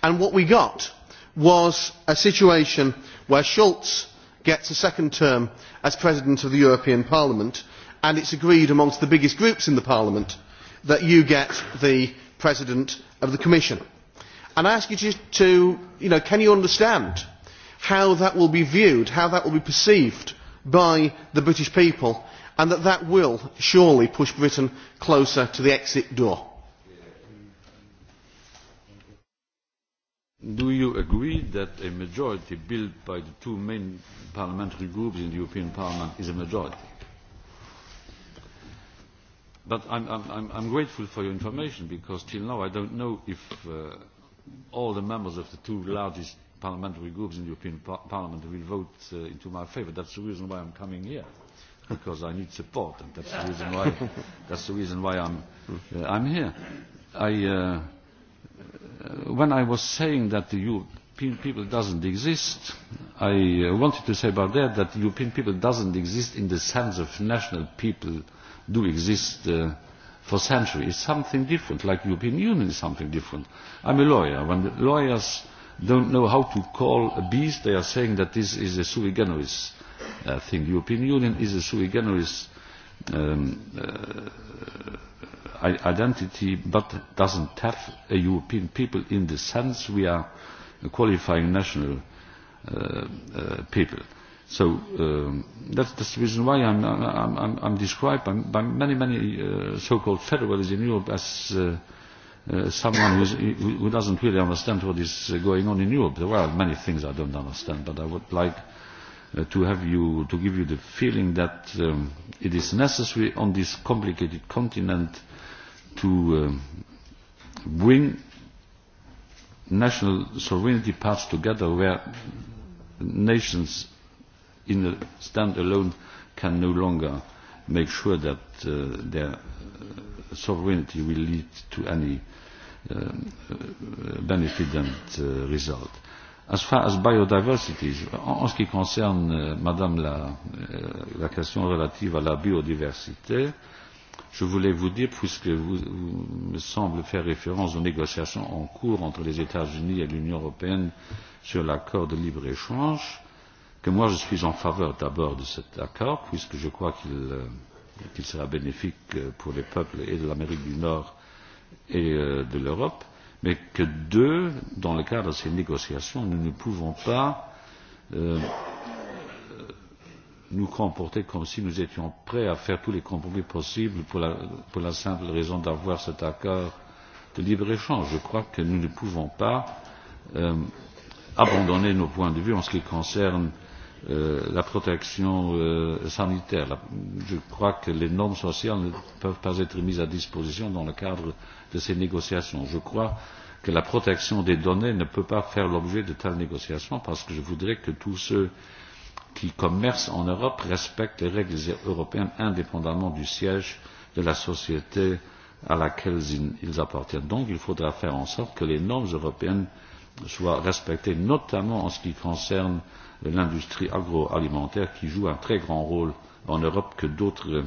and what we got was a situation where schulz gets a second term as president of the european parliament and it is agreed amongst the biggest groups in parliament that you get the president of the commission. And i ask you to you know, can you understand how that will be viewed how that will be perceived by the british people and that that will surely push britain closer to the exit door? Do you agree that a majority built by the two main parliamentary groups in the European Parliament is a majority? But I'm, I'm, I'm grateful for your information because till now I don't know if uh, all the members of the two largest parliamentary groups in the European par Parliament will vote uh, into my favour. That's the reason why I'm coming here, because I need support, and that's the reason why, that's the reason why I'm, uh, I'm here. I, uh, Uh, when I was saying that the European people doesn't exist, I uh, wanted to say about that that the European people doesn't exist in the sense of national people do exist uh, for centuries. It's something different, like European Union is something different. I'm a lawyer. When the lawyers don't know how to call a beast, they are saying that this is a sui generis uh, thing. European Union is a sui generis um, uh, identity but doesn't have a European people in the sense we are qualifying national uh, uh, people. So um, that's, that's the reason why I'm, I'm, I'm, I'm described by, by many, many uh, so-called federalists in Europe as uh, uh, someone who's, who doesn't really understand what is uh, going on in Europe. There are many things I don't understand, but I would like uh, to have you to give you the feeling that um, it is necessary on this complicated continent to uh, bring national sovereignty parts together where nations in a stand alone can no longer make sure that uh, their uh, sovereignty will lead to any um, uh, benefit and uh, result. As far as biodiversity, en, en ce qui concerne, euh, Madame, la, euh, la question relative à la biodiversité, euh, je voulais vous dire puisque vous, vous me semble faire référence aux négociations en cours entre les états unis et l'union européenne sur l'accord de libre échange que moi je suis en faveur d'abord de cet accord puisque je crois qu'il euh, qu sera bénéfique euh, pour les peuples et de l'amérique du nord et euh, de l'europe mais que deux dans le cadre de ces négociations nous ne pouvons pas euh, nous comporter comme si nous étions prêts à faire tous les compromis possibles pour la, pour la simple raison d'avoir cet accord de libre échange. Je crois que nous ne pouvons pas euh, abandonner nos points de vue en ce qui concerne euh, la protection euh, sanitaire. La, je crois que les normes sociales ne peuvent pas être mises à disposition dans le cadre de ces négociations. Je crois que la protection des données ne peut pas faire l'objet de telles négociations parce que je voudrais que tous ceux qui commercent en Europe respectent les règles européennes indépendamment du siège de la société à laquelle ils appartiennent. Donc il faudra faire en sorte que les normes européennes soient respectées, notamment en ce qui concerne l'industrie agroalimentaire qui joue un très grand rôle en Europe que d'autres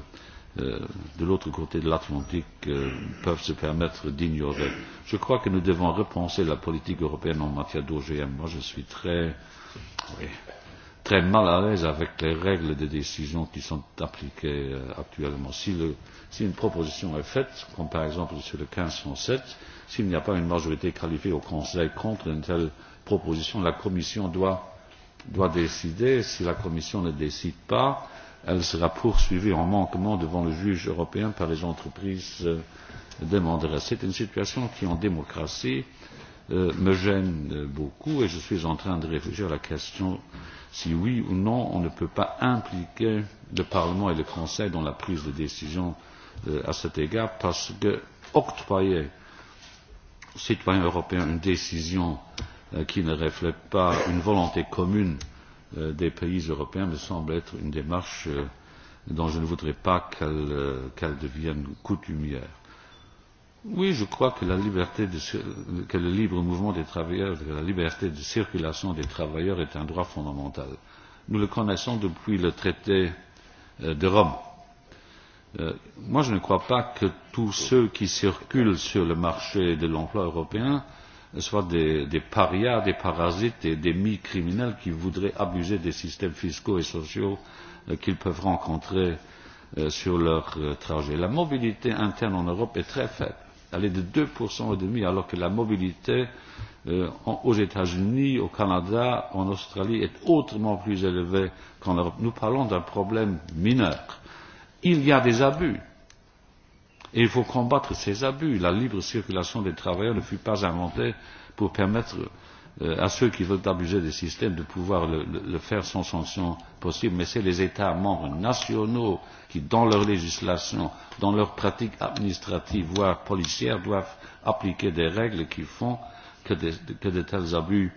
euh, de l'autre côté de l'Atlantique euh, peuvent se permettre d'ignorer. Je crois que nous devons repenser la politique européenne en matière d'OGM. Moi, je suis très, oui, très mal à l'aise avec les règles des décisions qui sont appliquées euh, actuellement. Si, le, si une proposition est faite, comme par exemple sur le 1507, s'il n'y a pas une majorité qualifiée au Conseil contre une telle proposition, la Commission doit, doit décider. Si la Commission ne décide pas, elle sera poursuivie en manquement devant le juge européen par les entreprises euh, demanderesses. C'est une situation qui, en démocratie, euh, me gêne beaucoup et je suis en train de réfléchir à la question euh, si oui ou non on ne peut pas impliquer le Parlement et le Conseil dans la prise de décision euh, à cet égard, parce que octroyer aux citoyens européens une décision euh, qui ne reflète pas une volonté commune euh, des pays européens me semble être une démarche euh, dont je ne voudrais pas qu'elle euh, qu devienne coutumière Oui, je crois que, la liberté de, que le libre mouvement des travailleurs, que la liberté de circulation des travailleurs est un droit fondamental. Nous le connaissons depuis le traité euh, de Rome. Euh, moi, je ne crois pas que tous ceux qui circulent sur le marché de l'emploi européen soient des, des parias, des parasites et des mi-criminels qui voudraient abuser des systèmes fiscaux et sociaux euh, qu'ils peuvent rencontrer euh, sur leur euh, trajet. La mobilité interne en Europe est très faible elle est de 2% et demi, alors que la mobilité euh, en, aux États-Unis, au Canada, en Australie est autrement plus élevée qu'en Europe. Nous parlons d'un problème mineur. Il y a des abus. Et il faut combattre ces abus. La libre circulation des travailleurs ne fut pas inventée pour permettre euh, Euh, à ceux qui veulent abuser du système de pouvoir le, le, le faire sans sanction possible, mais c'est les États membres nationaux qui, dans leur législation, dans leurs pratiques administratives, voire policières, doivent appliquer des règles qui font que des, que de tels abus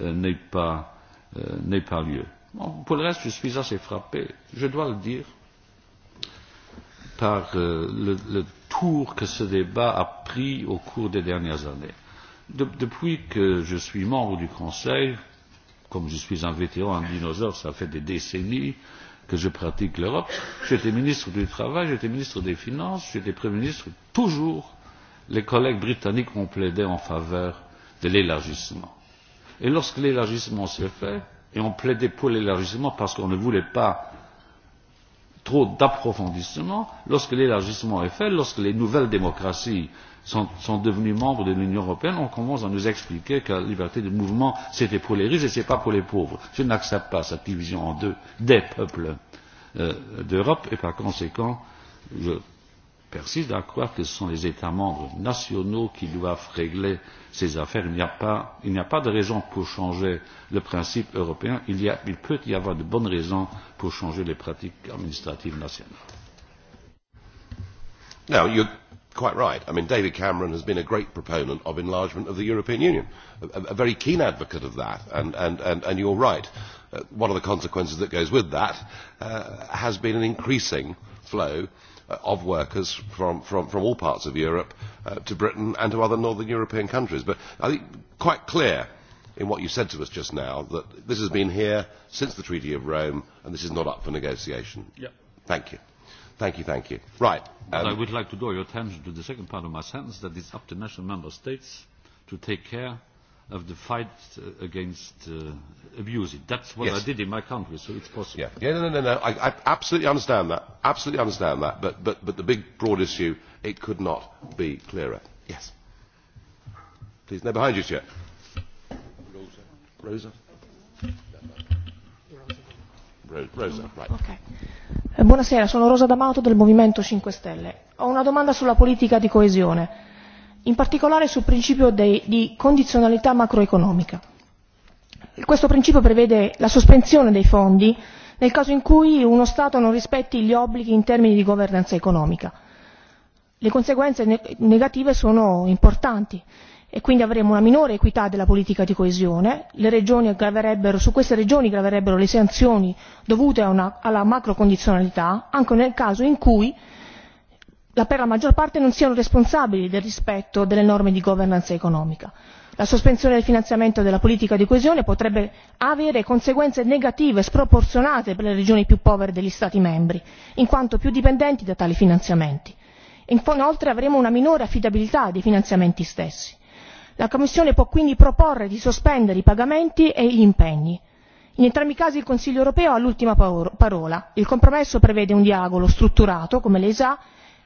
euh, n'aient pas, euh, pas lieu. Bon, pour le reste, je suis assez frappé, je dois le dire, par euh, le, le tour que ce débat a pris au cours des dernières années de, depuis que je suis membre du Conseil, comme je suis un vétéran, un dinosaure, ça fait des décennies que je pratique l'Europe. J'étais ministre du Travail, j'étais ministre des Finances, j'étais Premier ministre. Toujours, les collègues britanniques ont plaidé en faveur de l'élargissement. Et lorsque l'élargissement s'est fait, et on plaidait pour l'élargissement parce qu'on ne voulait pas trop d'approfondissement lorsque l'élargissement est fait lorsque les nouvelles démocraties sont, sont devenues membres de l'union européenne on commence à nous expliquer que la liberté de mouvement c'était pour les riches et ce n'est pas pour les pauvres. je n'accepte pas cette division en deux des peuples euh, d'europe et par conséquent je persiste à croire que ce sont les États membres nationaux qui doivent régler ces affaires. Il n'y a a pas de raison pour changer le principe européen. Il, y a, il peut y avoir de bonnes raisons pour changer les pratiques administratives nationales. Now, you're quite right. I mean, David Cameron has been a great proponent of enlargement of the European Union, a, a very keen advocate of that, and, and, and, and you're right. Uh, one of the consequences that goes with that uh, has been an increasing flow Uh, of workers from, from, from all parts of Europe uh, to Britain and to other northern European countries. But I think quite clear in what you said to us just now that this has been here since the Treaty of Rome and this is not up for negotiation. Yep. Thank you. Thank you, thank you. Right. um, I would like to draw your attention to the second part of my sentence that it's up to national member states to take care of the fight uh, against uh, abuse. That's what yes. I did in my country, so it's possible. Yeah, yeah no, no, no, no. I, I absolutely understand that. Absolutely understand that. But, but, but the big, broad issue, it could not be clearer. Yes. Please, no, behind you, Chair. Rosa. Rosa. Rosa, right. okay. Buonasera, sono Rosa D'Amato del Movimento 5 Stelle. Ho una domanda sulla politica di coesione in particolare sul principio di condizionalità macroeconomica. questo principio prevede la sospensione dei fondi nel caso in cui uno stato non rispetti gli obblighi in termini di governance economica. le conseguenze negative sono importanti e quindi avremo una minore equità della politica di coesione le su queste regioni graverebbero le sanzioni dovute alla macrocondizionalità anche nel caso in cui per la maggior parte non siano responsabili del rispetto delle norme di governance economica. la sospensione del finanziamento della politica di coesione potrebbe avere conseguenze negative sproporzionate per le regioni più povere degli stati membri in quanto più dipendenti da tali finanziamenti. inoltre avremo una minore affidabilità dei finanziamenti stessi. la commissione può quindi proporre di sospendere i pagamenti e gli impegni. in entrambi i casi il consiglio europeo ha l'ultima parola. il compromesso prevede un dialogo strutturato come lei sa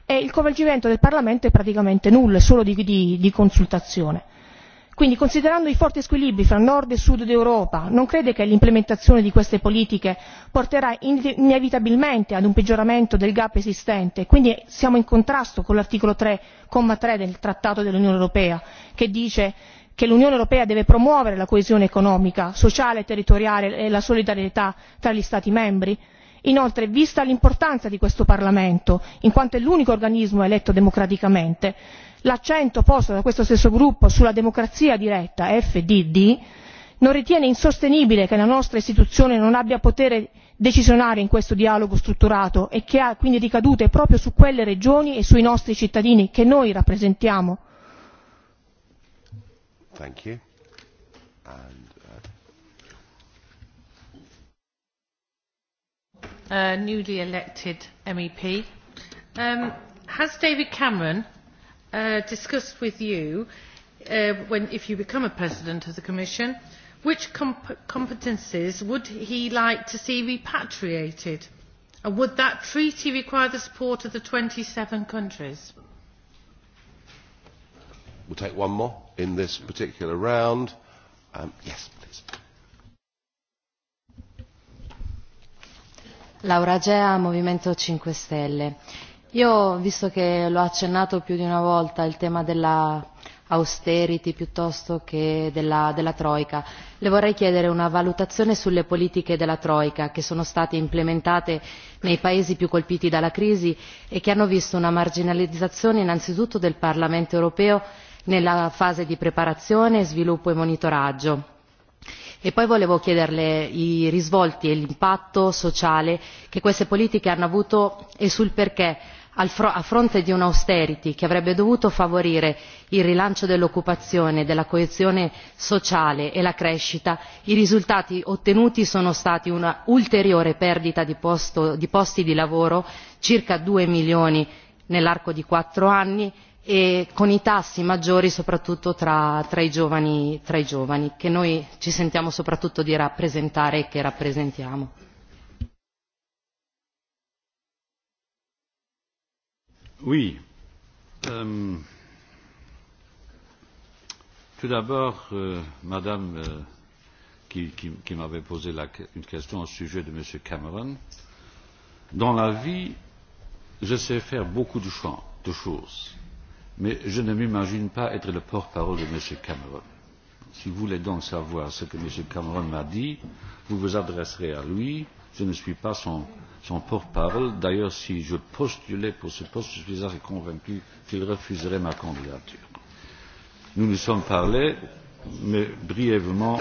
e il coinvolgimento del parlamento è praticamente nullo è solo di consultazione. quindi considerando i forti squilibri fra nord e sud d'europa non crede che l'implementazione di queste politiche porterà inevitabilmente ad un peggioramento del gap esistente e quindi siamo in contrasto con l'articolo tre comma tre del trattato dell'unione europea che dice che l'unione europea deve promuovere la coesione economica sociale e territoriale e la solidarietà tra gli stati membri? inoltre vista l'importanza di questo parlamento in quanto è l'unico organismo eletto democraticamente l'accento posto da questo stesso gruppo sulla democrazia diretta fdd non ritiene insostenibile che la nostra istituzione non abbia potere decisionale in questo dialogo strutturato e che ha quindi ricadute proprio su quelle regioni e sui nostri cittadini che noi rappresentiamo? uh, newly elected MEP. Um, has David Cameron uh, discussed with you, uh, when, if you become a president of the Commission, which comp competences would he like to see repatriated? And would that treaty require the support of the 27 countries? We'll take one more in this particular round. Um, yes. Laura Gea, Movimento 5 Stelle. Io, visto che l'ho accennato più di una volta il tema della austerity piuttosto che della, della Troica. Le vorrei chiedere una valutazione sulle politiche della Troica che sono state implementate nei paesi più colpiti dalla crisi e che hanno visto una marginalizzazione innanzitutto del Parlamento europeo nella fase di preparazione, sviluppo e monitoraggio e poi volevo chiederle i risvolti e l'impatto sociale che queste politiche hanno avuto e sul perché a fronte di un'austerity che avrebbe dovuto favorire il rilancio dell'occupazione della coesione sociale e la crescita i risultati ottenuti sono stati un'ulteriore perdita di posti di lavoro circa due milioni nell'arco di quattro anni e con i tassi maggiori soprattutto tra, tra, i giovani, tra i giovani che noi ci sentiamo soprattutto di rappresentare e che rappresentiamo. Oui. Euh, tout d'abord, euh, Madame euh, qui, qui, qui m'avait posé la, une question au sujet de M. Cameron, dans la vie, je sais faire beaucoup de, ch de choses mais je ne m'imagine pas être le porte-parole de M. Cameron. Si vous voulez donc savoir ce que M. Cameron m'a dit, vous vous adresserez à lui. Je ne suis pas son, son porte-parole. D'ailleurs, si je postulais pour ce poste, je suis assez convaincu qu'il refuserait ma candidature. Nous nous sommes parlé, mais brièvement,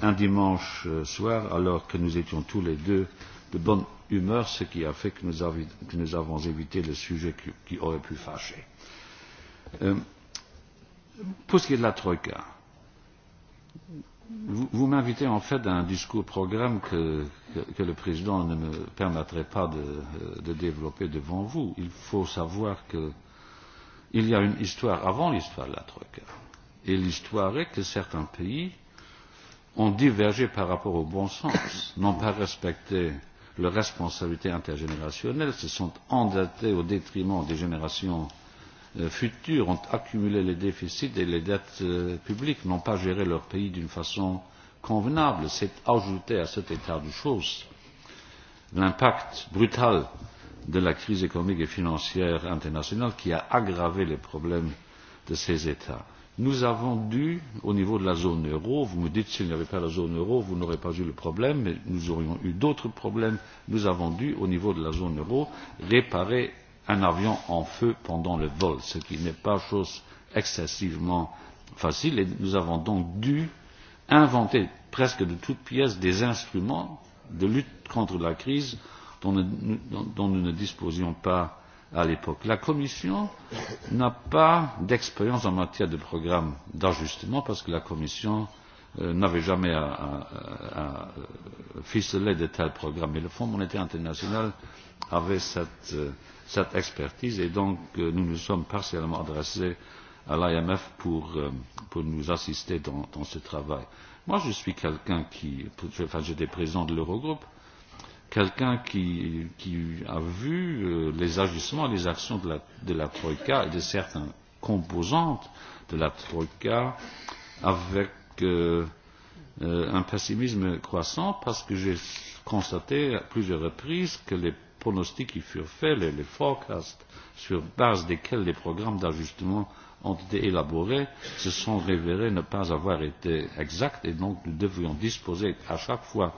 un dimanche euh, soir, alors que nous étions tous les deux de bonne humeur, ce qui a fait que nous, avi, que nous avons évité le sujet qui, qui aurait pu fâcher. Euh, Euh, pour ce qui est de la Troïka, vous, vous m'invitez en fait à un discours programme que, que, que le président ne me permettrait pas de, euh, de développer devant vous. Il faut savoir que il y a une histoire avant l'histoire de la Troïka. Et l'histoire est que certains pays ont divergé par rapport au bon sens, n'ont pas respecté leurs responsabilités intergénérationnelles, se sont endettés au détriment des générations euh, Euh, futures ont accumulé les déficits et les dettes euh, publiques n'ont pas géré leur pays d'une façon convenable. c'est ajouter à cet état de choses l'impact brutal de la crise économique et financière internationale qui a aggravé les problèmes de ces États. Nous avons dû, au niveau de la zone euro, vous me dites s'il n'y avait pas la zone euro, vous n'aurez pas eu le problème, mais nous aurions eu d'autres problèmes, nous avons dû, au niveau de la zone euro, réparer un avion en feu pendant le vol, ce qui n'est pas chose excessivement facile. Et nous avons donc dû inventer presque de toutes pièces des instruments de lutte contre la crise dont, nous, dont, dont nous ne disposions pas à l'époque. La Commission n'a pas d'expérience en matière de programme d'ajustement parce que la Commission euh, n'avait jamais à, à, à ficeler de tels programmes. Mais le Fonds monétaire international avait cette euh, cette expertise et donc euh, nous nous sommes partiellement adressés à l'IMF pour, euh, pour nous assister dans, dans ce travail. Moi, je suis quelqu'un qui, enfin, j'étais président de l'Eurogroupe, quelqu'un qui, qui a vu euh, les agissements, les actions de la, de la Troïka et de certaines composantes de la Troïka avec euh, euh, un pessimisme croissant parce que j'ai constaté à plusieurs reprises que les pronostics qui furent faits, les, les forecasts sur base desquels les programmes d'ajustement ont été élaborés se sont révélés ne pas avoir été exacts et donc nous devrions disposer à chaque fois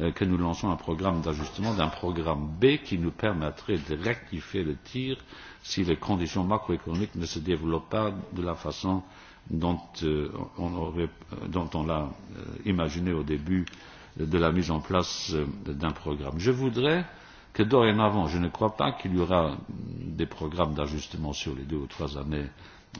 euh, que nous lançons un programme d'ajustement d'un programme B qui nous permettrait de rectifier le tir si les conditions macroéconomiques ne se développent pas de la façon dont, euh, on, aurait, euh, dont on l'a euh, imaginé au début de la mise en place euh, d'un programme. Je voudrais euh, que dorénavant, je ne crois pas qu'il y aura des programmes d'ajustement sur les deux ou trois années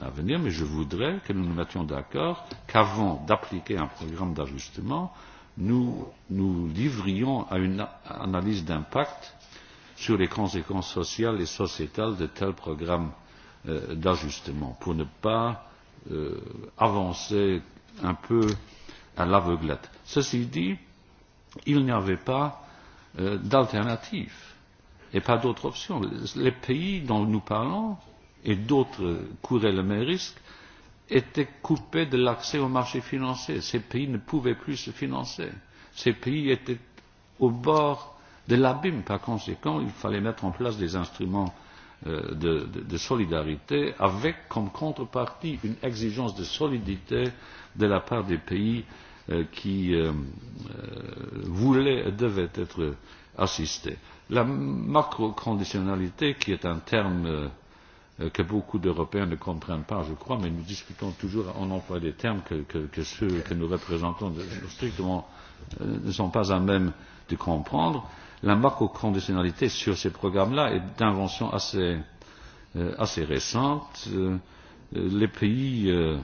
à venir, mais je voudrais que nous nous mettions d'accord qu'avant d'appliquer un programme d'ajustement, nous nous livrions à une analyse d'impact sur les conséquences sociales et sociétales de tels programmes euh, d'ajustement, pour ne pas euh, avancer un peu à l'aveuglette. Ceci dit, il n'y avait pas euh, d'alternative et pas d'autre option. Les pays dont nous parlons et d'autres couraient le même risque étaient coupés de l'accès au marché financier. Ces pays ne pouvaient plus se financer. Ces pays étaient au bord de l'abîme. Par conséquent, il fallait mettre en place des instruments euh, de, de, de solidarité avec comme contrepartie une exigence de solidité de la part des pays euh, qui euh, euh, voulaient et devaient être assistés La macro-conditionnalité, qui est un terme euh, euh, que beaucoup d'Européens ne comprennent pas, je crois, mais nous discutons toujours, on emploie des termes que, que, que ceux que nous représentons strictement euh, ne sont pas à même de comprendre. La macro-conditionnalité sur ces programmes-là est d'invention assez, euh, assez récente. les pays euh,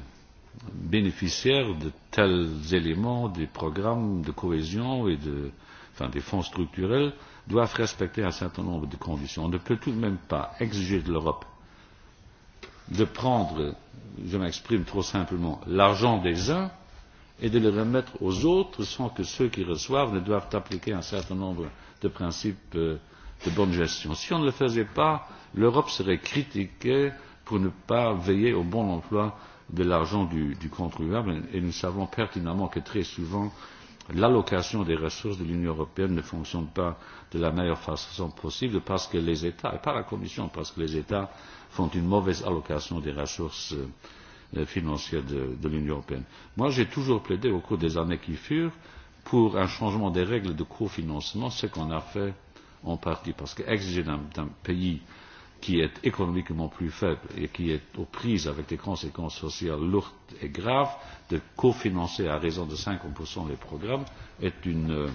bénéficiaires de tels éléments des programmes de cohésion et de, enfin, des fonds structurels doivent respecter un certain nombre de conditions. On ne peut tout de même pas exiger de l'Europe de prendre, je m'exprime trop simplement, l'argent des uns et de le remettre aux autres sans que ceux qui reçoivent ne doivent appliquer un certain nombre de principes euh, de bonne gestion. Si on ne le faisait pas, l'Europe serait critiquée pour ne pas veiller au bon emploi de l'argent du, du contribuable et nous savons pertinemment que très souvent l'allocation des ressources de l'Union européenne ne fonctionne pas de la meilleure façon possible parce que les États, et pas la Commission, parce que les États font une mauvaise allocation des ressources euh, financières de, de l'Union européenne. Moi, j'ai toujours plaidé au cours des années qui furent pour un changement des règles de cofinancement, ce qu'on a fait en partie. Parce qu'exiger d'un pays euh, qui est économiquement plus faible et qui est aux prises avec des conséquences sociales lourdes et graves de cofinancer à raison de cinquante les programmes est une, euh,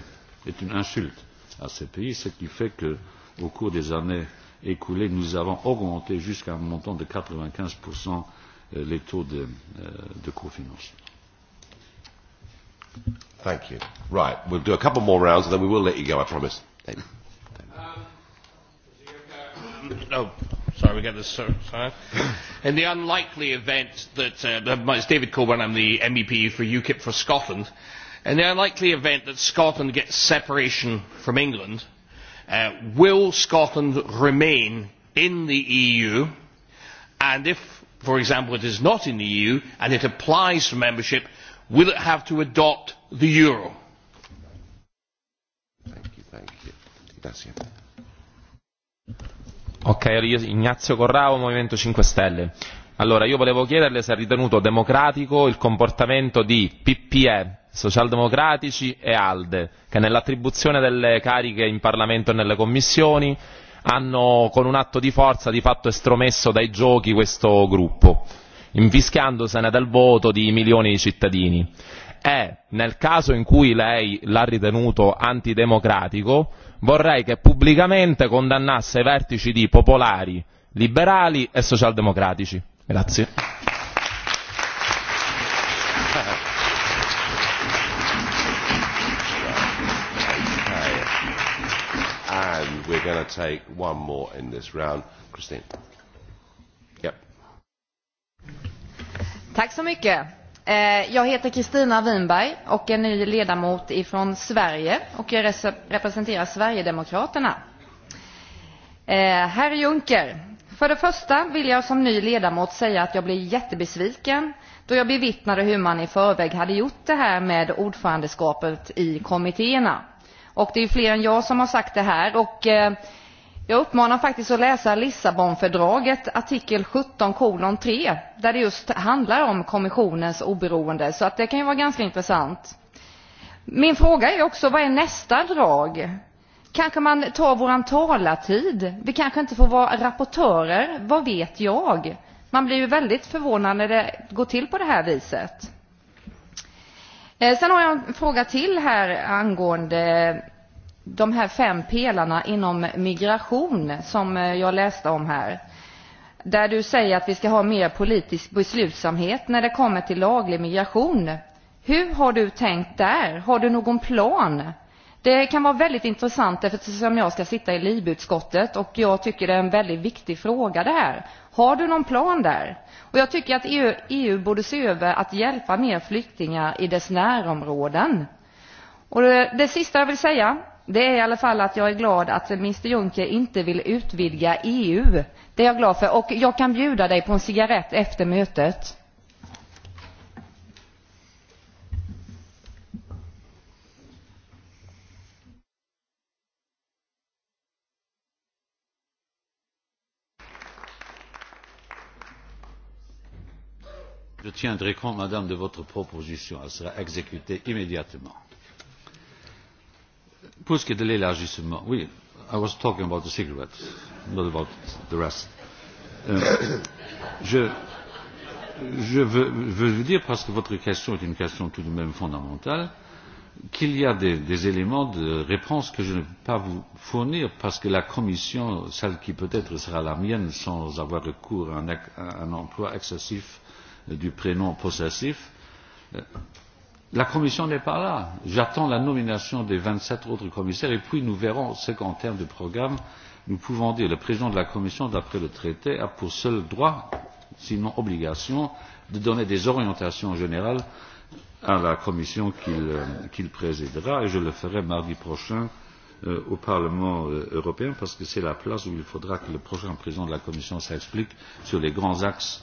est une insulte à ces pays ce qui fait que au cours des années écoulées nous avons augmenté jusqu'à un montant de quatre vingt quinze euh, les taux de, euh, de cofinancement. Thank you. Right, we'll do a couple more rounds and then we will let you go, I promise. Thank you oh, sorry, we get this. Sorry. In the unlikely event that uh, it's David Coburn, I'm the MEP for UKIP for Scotland. In the unlikely event that Scotland gets separation from England, uh, will Scotland remain in the EU? And if, for example, it is not in the EU and it applies for membership, will it have to adopt the euro? Thank you, thank you. Gracias. Ok, Ignazio Corrao, Movimento 5 Stelle. Allora, io volevo chiederle se ha ritenuto democratico il comportamento di PPE, Socialdemocratici e ALDE, che nell'attribuzione delle cariche in Parlamento e nelle commissioni hanno con un atto di forza di fatto estromesso dai giochi questo gruppo, infischiandosene del voto di milioni di cittadini è nel caso in cui lei l'ha ritenuto antidemocratico vorrei che pubblicamente condannasse i vertici di popolari liberali e socialdemocratici. Grazie. And we're going to take one more in this round. Christine. Yep. Eh, jag heter Kristina Winberg och är ny ledamot från Sverige och jag representerar Sverigedemokraterna. Eh, herr Juncker, för det första vill jag som ny ledamot säga att jag blev jättebesviken då jag bevittnade hur man i förväg hade gjort det här med ordförandeskapet i kommittéerna. Och det är fler än jag som har sagt det här. Och, eh, jag uppmanar faktiskt att läsa lissabonfördraget artikel 17 3 där det just handlar om kommissionens oberoende så att det kan ju vara ganska intressant. Min fråga är också vad är nästa drag? Kanske man tar våran talartid? Vi kanske inte får vara rapportörer, vad vet jag? Man blir ju väldigt förvånad när det går till på det här viset. Eh, sen har jag en fråga till här angående de här fem pelarna inom migration som eh, jag läste om här där du säger att vi ska ha mer politisk beslutsamhet när det kommer till laglig migration. Hur har du tänkt där? Har du någon plan? Det kan vara väldigt intressant eftersom jag ska sitta i LIB-utskottet och jag tycker det är en väldigt viktig fråga det här. Har du någon plan där? Och jag tycker att EU, EU borde se över att hjälpa mer flyktingar i dess närområden. Och det, det sista jag vill säga det är i alla fall att jag är glad att mr juncker inte vill utvidga eu. det är jag glad för och jag kan bjuda dig på en cigarett efter mötet. je tiendrai compte madame de votre proposition elle sera exécutée immédiatement. Pour ce qui est de l'élargissement, oui, I was talking about the cigarettes, not about the rest. Euh, je, je veux, veux vous dire, parce que votre question est une question tout de même fondamentale, qu'il y a des, des éléments de réponse que je ne peux pas vous fournir parce que la commission, celle qui peut-être sera la mienne sans avoir recours à un, à un emploi excessif du prénom possessif, euh, La Commission n'est pas là. J'attends la nomination des vingt sept autres commissaires et puis nous verrons ce qu'en termes de programme nous pouvons dire. Le président de la Commission, d'après le traité, a pour seul droit, sinon obligation, de donner des orientations générales à la Commission qu'il euh, qu présidera et je le ferai mardi prochain euh, au Parlement euh, européen parce que c'est la place où il faudra que le prochain président de la Commission s'explique sur les grands axes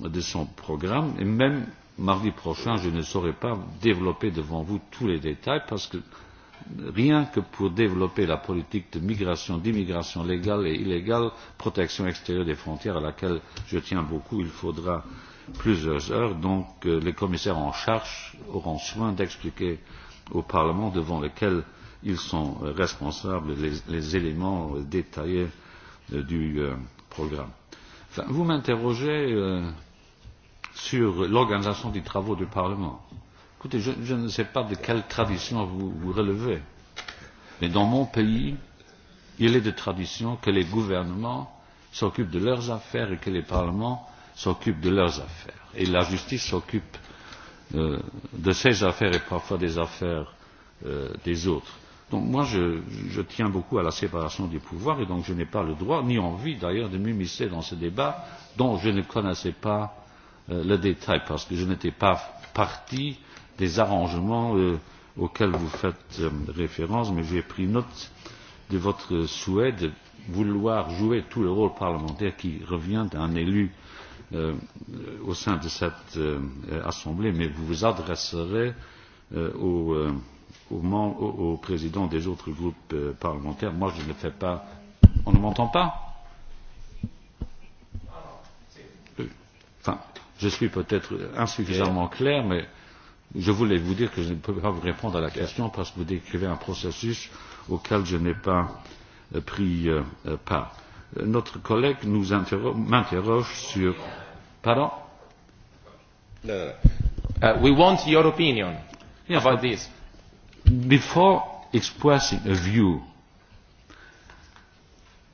de son programme et même mardi prochain, je ne saurais pas développer devant vous tous les détails parce que rien que pour développer la politique de migration, d'immigration légale et illégale, protection extérieure des frontières à laquelle je tiens beaucoup, il faudra plusieurs heures. Donc euh, les commissaires en charge auront soin d'expliquer au Parlement devant lequel ils sont euh, responsables les, les éléments euh, détaillés euh, du euh, programme. Enfin, vous m'interrogez euh, sur l'organisation des travaux du Parlement. Écoutez, je, je ne sais pas de quelle tradition vous, vous relevez, mais dans mon pays, il est de tradition que les gouvernements s'occupent de leurs affaires et que les parlements s'occupent de leurs affaires. Et la justice s'occupe euh, de ses affaires et parfois des affaires euh, des autres. Donc moi, je, je tiens beaucoup à la séparation des pouvoirs et donc je n'ai pas le droit, ni envie d'ailleurs, de m'immiscer dans ce débat dont je ne connaissais pas Euh, le détail parce que je n'étais pas partie des arrangements euh, auxquels vous faites euh, référence, mais j'ai pris note de votre souhait de vouloir jouer tout le rôle parlementaire qui revient d'un élu euh, au sein de cette euh, Assemblée, mais vous vous adresserez euh, aux, euh, aux, aux, aux présidents des autres groupes euh, parlementaires. Moi, je ne le fais pas. On ne m'entend pas je suis peut être insuffisamment okay. clair mais je voulais vous dire que je ne peux pas vous répondre à la question parce que vous décrivez un processus auquel je n'ai pas euh, pris euh, part. Euh, Notre collègue nous m'interroge sur. Pardon no, no, no. Uh, We want your opinion yes, about this. Before expressing a view,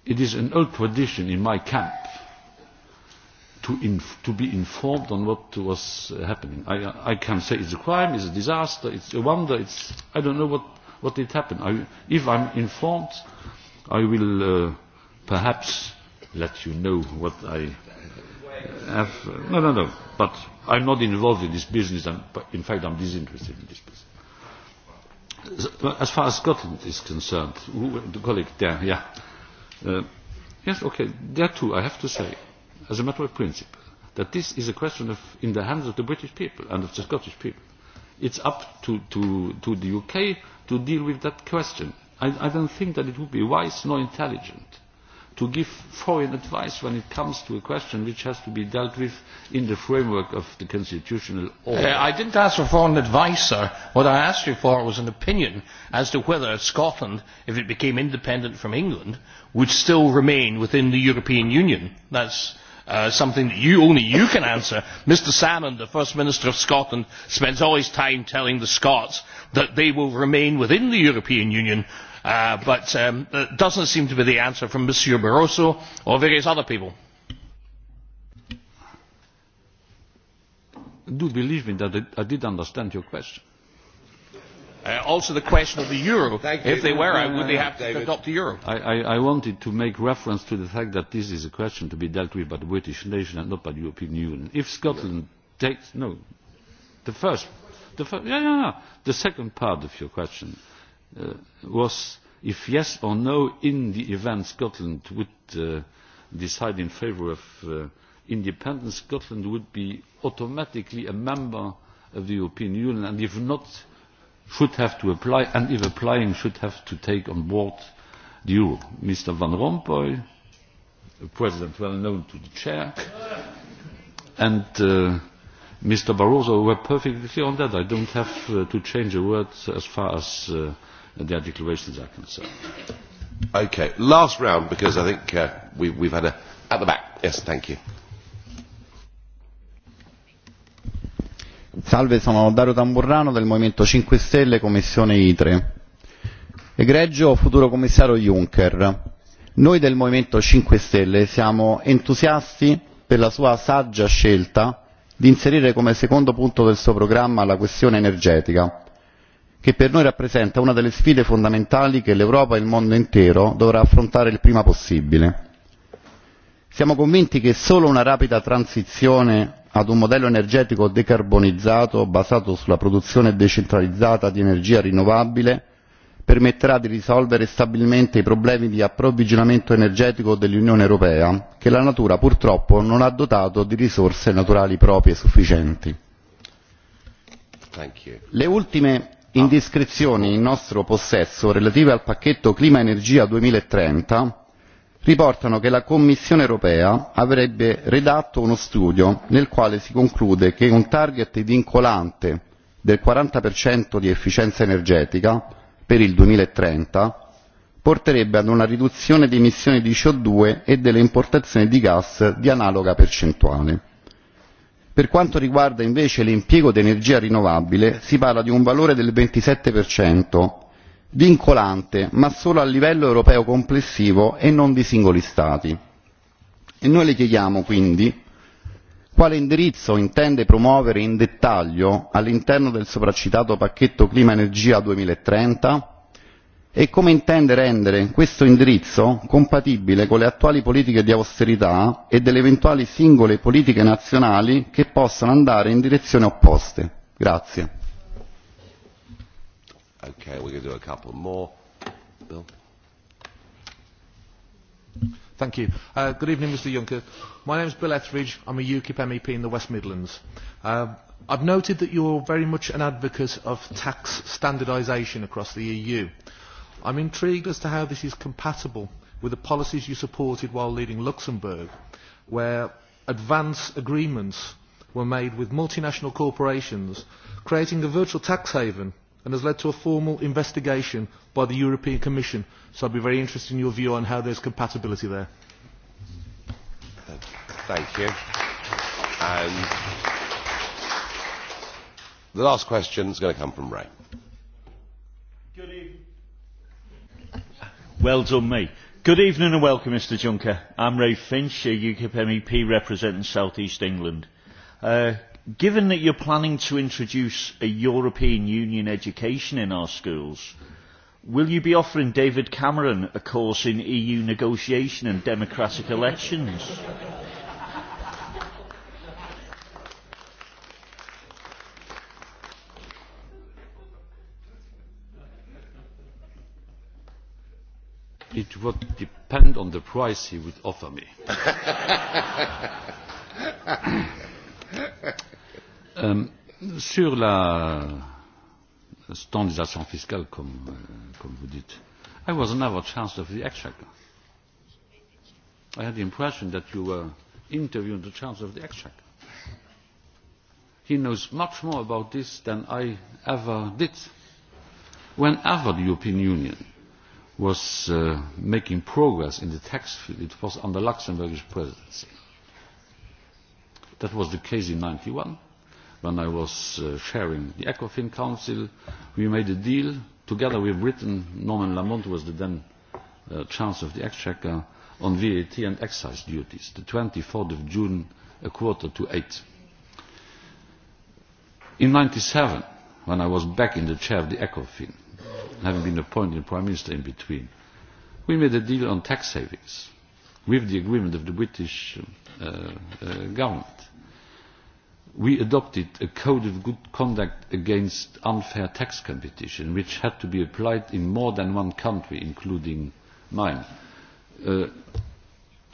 it is an old tradition in my camp to, inf to be informed on what was uh, happening. I, I can say it's a crime, it's a disaster, it's a wonder, it's, I don't know what, what did happen. I, if I'm informed, I will uh, perhaps let you know what I have. Uh, no, no, no. But I'm not involved in this business. I'm, in fact, I'm disinterested in this business. As far as Scotland is concerned, who, the colleague there, yeah. Uh, yes, okay, there too, I have to say as a matter of principle that this is a question of, in the hands of the British people and of the Scottish people. It's up to, to, to the UK to deal with that question. I, I don't think that it would be wise nor intelligent to give foreign advice when it comes to a question which has to be dealt with in the framework of the constitutional order. Uh, I didn't ask for foreign advice, sir. What I asked you for was an opinion as to whether Scotland, if it became independent from England, would still remain within the European Union. That's Uh, something that only you can answer. Mr Salmon, the First Minister of Scotland, spends all his time telling the Scots that they will remain within the European Union, uh, but um, that does doesn't seem to be the answer from Mr. Barroso or various other people. Do believe me that I did understand your question. Uh, also the question of the euro. Thank if you. they were out, would they have David. to adopt the euro? I, I, I wanted to make reference to the fact that this is a question to be dealt with by the British nation and not by the European Union. If Scotland no. takes... No. The first... The, first yeah, yeah, yeah. the second part of your question uh, was if yes or no, in the event Scotland would uh, decide in favour of uh, independence, Scotland would be automatically a member of the European Union, and if not, should have to apply and if applying should have to take on board the euro. Mr Van Rompuy, a president well known to the chair, and uh, Mr Barroso were perfectly clear on that. I don't have uh, to change a word as far as uh, their declarations are concerned. Okay, last round because I think uh, we, we've had a... At the back, yes, thank you. Salve, sono Dario Tamburrano del Movimento 5 Stelle, Commissione ITRE. Egregio futuro commissario Juncker, noi del Movimento 5 Stelle siamo entusiasti per la sua saggia scelta di inserire come secondo punto del suo programma la questione energetica, che per noi rappresenta una delle sfide fondamentali che l'Europa e il mondo intero dovrà affrontare il prima possibile. Siamo convinti che solo una rapida transizione ad un modello energetico decarbonizzato basato sulla produzione decentralizzata di energia rinnovabile permetterà di risolvere stabilmente i problemi di approvvigionamento energetico dell'unione europea che la natura purtroppo non ha dotato di risorse naturali proprie sufficienti. le ultime indiscrezioni in nostro possesso relative al pacchetto clima energia duemilatrenta riportano che la commissione europea avrebbe redatto uno studio nel quale si conclude che un target vincolante del quaranta di efficienza energetica per il duemilatrenta porterebbe ad una riduzione di emissioni di co due e delle importazioni di gas di analoga percentuale. per quanto riguarda invece l'impiego di energia rinnovabile si parla di un valore del ventisette vincolante ma solo a livello europeo complessivo e non di singoli stati. E noi le chiediamo quindi quale indirizzo intende promuovere in dettaglio all'interno del sopracitato pacchetto clima energia duemilatrenta e come intende rendere questo indirizzo compatibile con le attuali politiche di austerità e delle eventuali singole politiche nazionali che possano andare in direzioni opposte. Okay, we're going to do a couple more. Bill? Thank you. Uh, good evening, Mr Juncker. My name is Bill Etheridge. I'm a UKIP MEP in the West Midlands. Uh, I've noted that you're very much an advocate of tax standardisation across the EU. I'm intrigued as to how this is compatible with the policies you supported while leading Luxembourg, where advance agreements were made with multinational corporations, creating a virtual tax haven and has led to a formal investigation by the European Commission. So i would be very interested in your view on how there is compatibility there. Thank you. And the last question is going to come from Ray. Good evening. Well done, me. Good evening and welcome, Mr Juncker. I'm Ray Finch, a UKIP e MEP representing South East England. Uh, given that you're planning to introduce a European Union education in our schools, will you be offering David Cameron a course in EU negotiation and democratic elections? It would depend on the price he would offer me. Euh, sur la standardisation fiscale, comme, euh, comme vous dites, I was never chancellor of the Exchequer. I had the impression that you were interviewing the chancellor of the Exchequer. He knows much more about this than I ever did. Whenever the European Union was uh, making progress in the tax field, it was under Luxembourgish presidency. That was the case in 91 when I was uh, chairing the ECOFIN Council, we made a deal together with Britain, Norman Lamont was the then uh, Chancellor of the Exchequer, on VAT and excise duties, the 24th of June, a quarter to eight. In 97, when I was back in the chair of the ECOFIN, having been appointed Prime Minister in between, we made a deal on tax savings with the agreement of the British um, uh, uh, government we adopted a code of good conduct against unfair tax competition, which had to be applied in more than one country, including mine. Uh,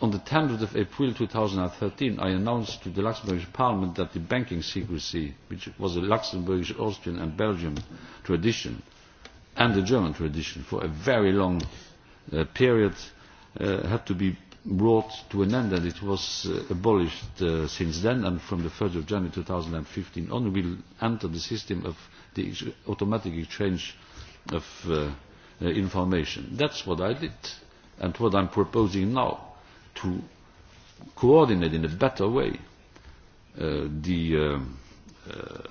on the 10th of April 2013, I announced to the Luxembourgish Parliament that the banking secrecy, which was a Luxembourgish, Austrian and Belgian tradition, and a German tradition for a very long uh, period, uh, had to be brought to an end and it was uh, abolished uh, since then and from the 1st of January 2015 on will enter the system of the ex automatic exchange of uh, uh, information. That's what I did and what I'm proposing now to coordinate in a better way uh, the uh, uh,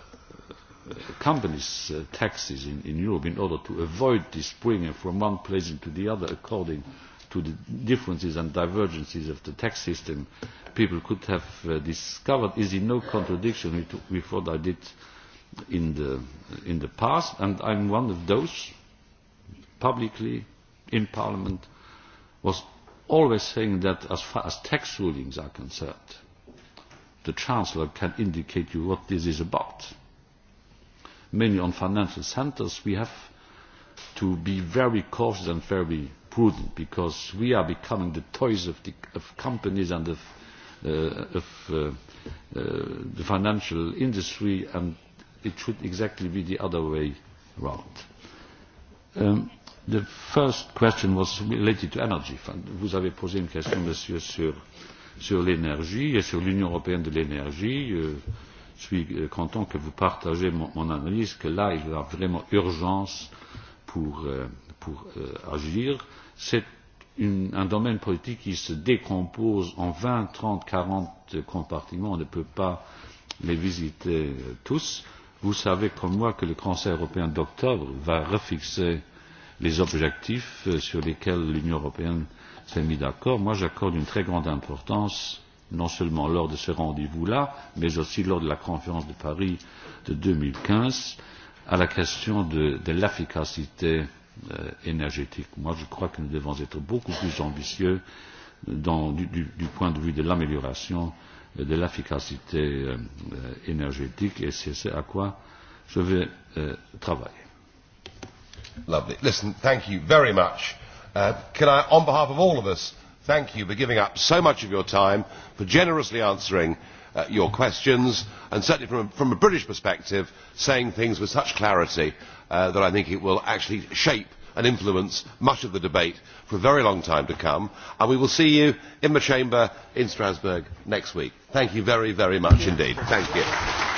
companies' uh, taxes in, in Europe in order to avoid this bringing from one place into the other according mm -hmm to the differences and divergences of the tax system people could have uh, discovered is in no contradiction with, with what I did in the, in the past. And I'm one of those, publicly, in Parliament, was always saying that as far as tax rulings are concerned, the Chancellor can indicate you what this is about. Mainly on financial centres, we have to be very cautious and very prudent because we are becoming the toys of, the, of companies and of, uh, of uh, uh, the financial industry and it should exactly be the other way round. Um, the first question was related to energy. vous avez posé une question, monsieur, sur, sur l'énergie et sur l'Union européenne de l'énergie. Euh, je suis euh, content que vous partagez mon, mon analyse, que là, il y a vraiment urgence pour, euh, pour euh, agir. Euh, c'est un domaine politique qui se décompose en vingt trente quarante compartiments on ne peut pas les visiter tous. vous savez comme moi que le conseil européen d'octobre va refixer les objectifs sur lesquels l'union européenne s'est mise d'accord. moi j'accorde une très grande importance non seulement lors de ce rendez vous là mais aussi lors de la conférence de paris de 2015, à la question de, de l'efficacité Euh, énergétique. Moi, je crois que nous devons être beaucoup plus ambitieux dans, du, du, du point de vue de l'amélioration euh, de l'efficacité euh, énergétique et c'est ce à quoi je vais euh, travailler. Lovely. Listen, thank you very much. Uh, can I, on behalf of all of us, thank you for giving up so much of your time, for generously answering uh, your questions and certainly from a, from a british perspective saying things with such clarity uh, that i think it will actually shape and influence much of the debate for a very long time to come and we will see you in the chamber in strasbourg next week. thank you very very much indeed. thank you.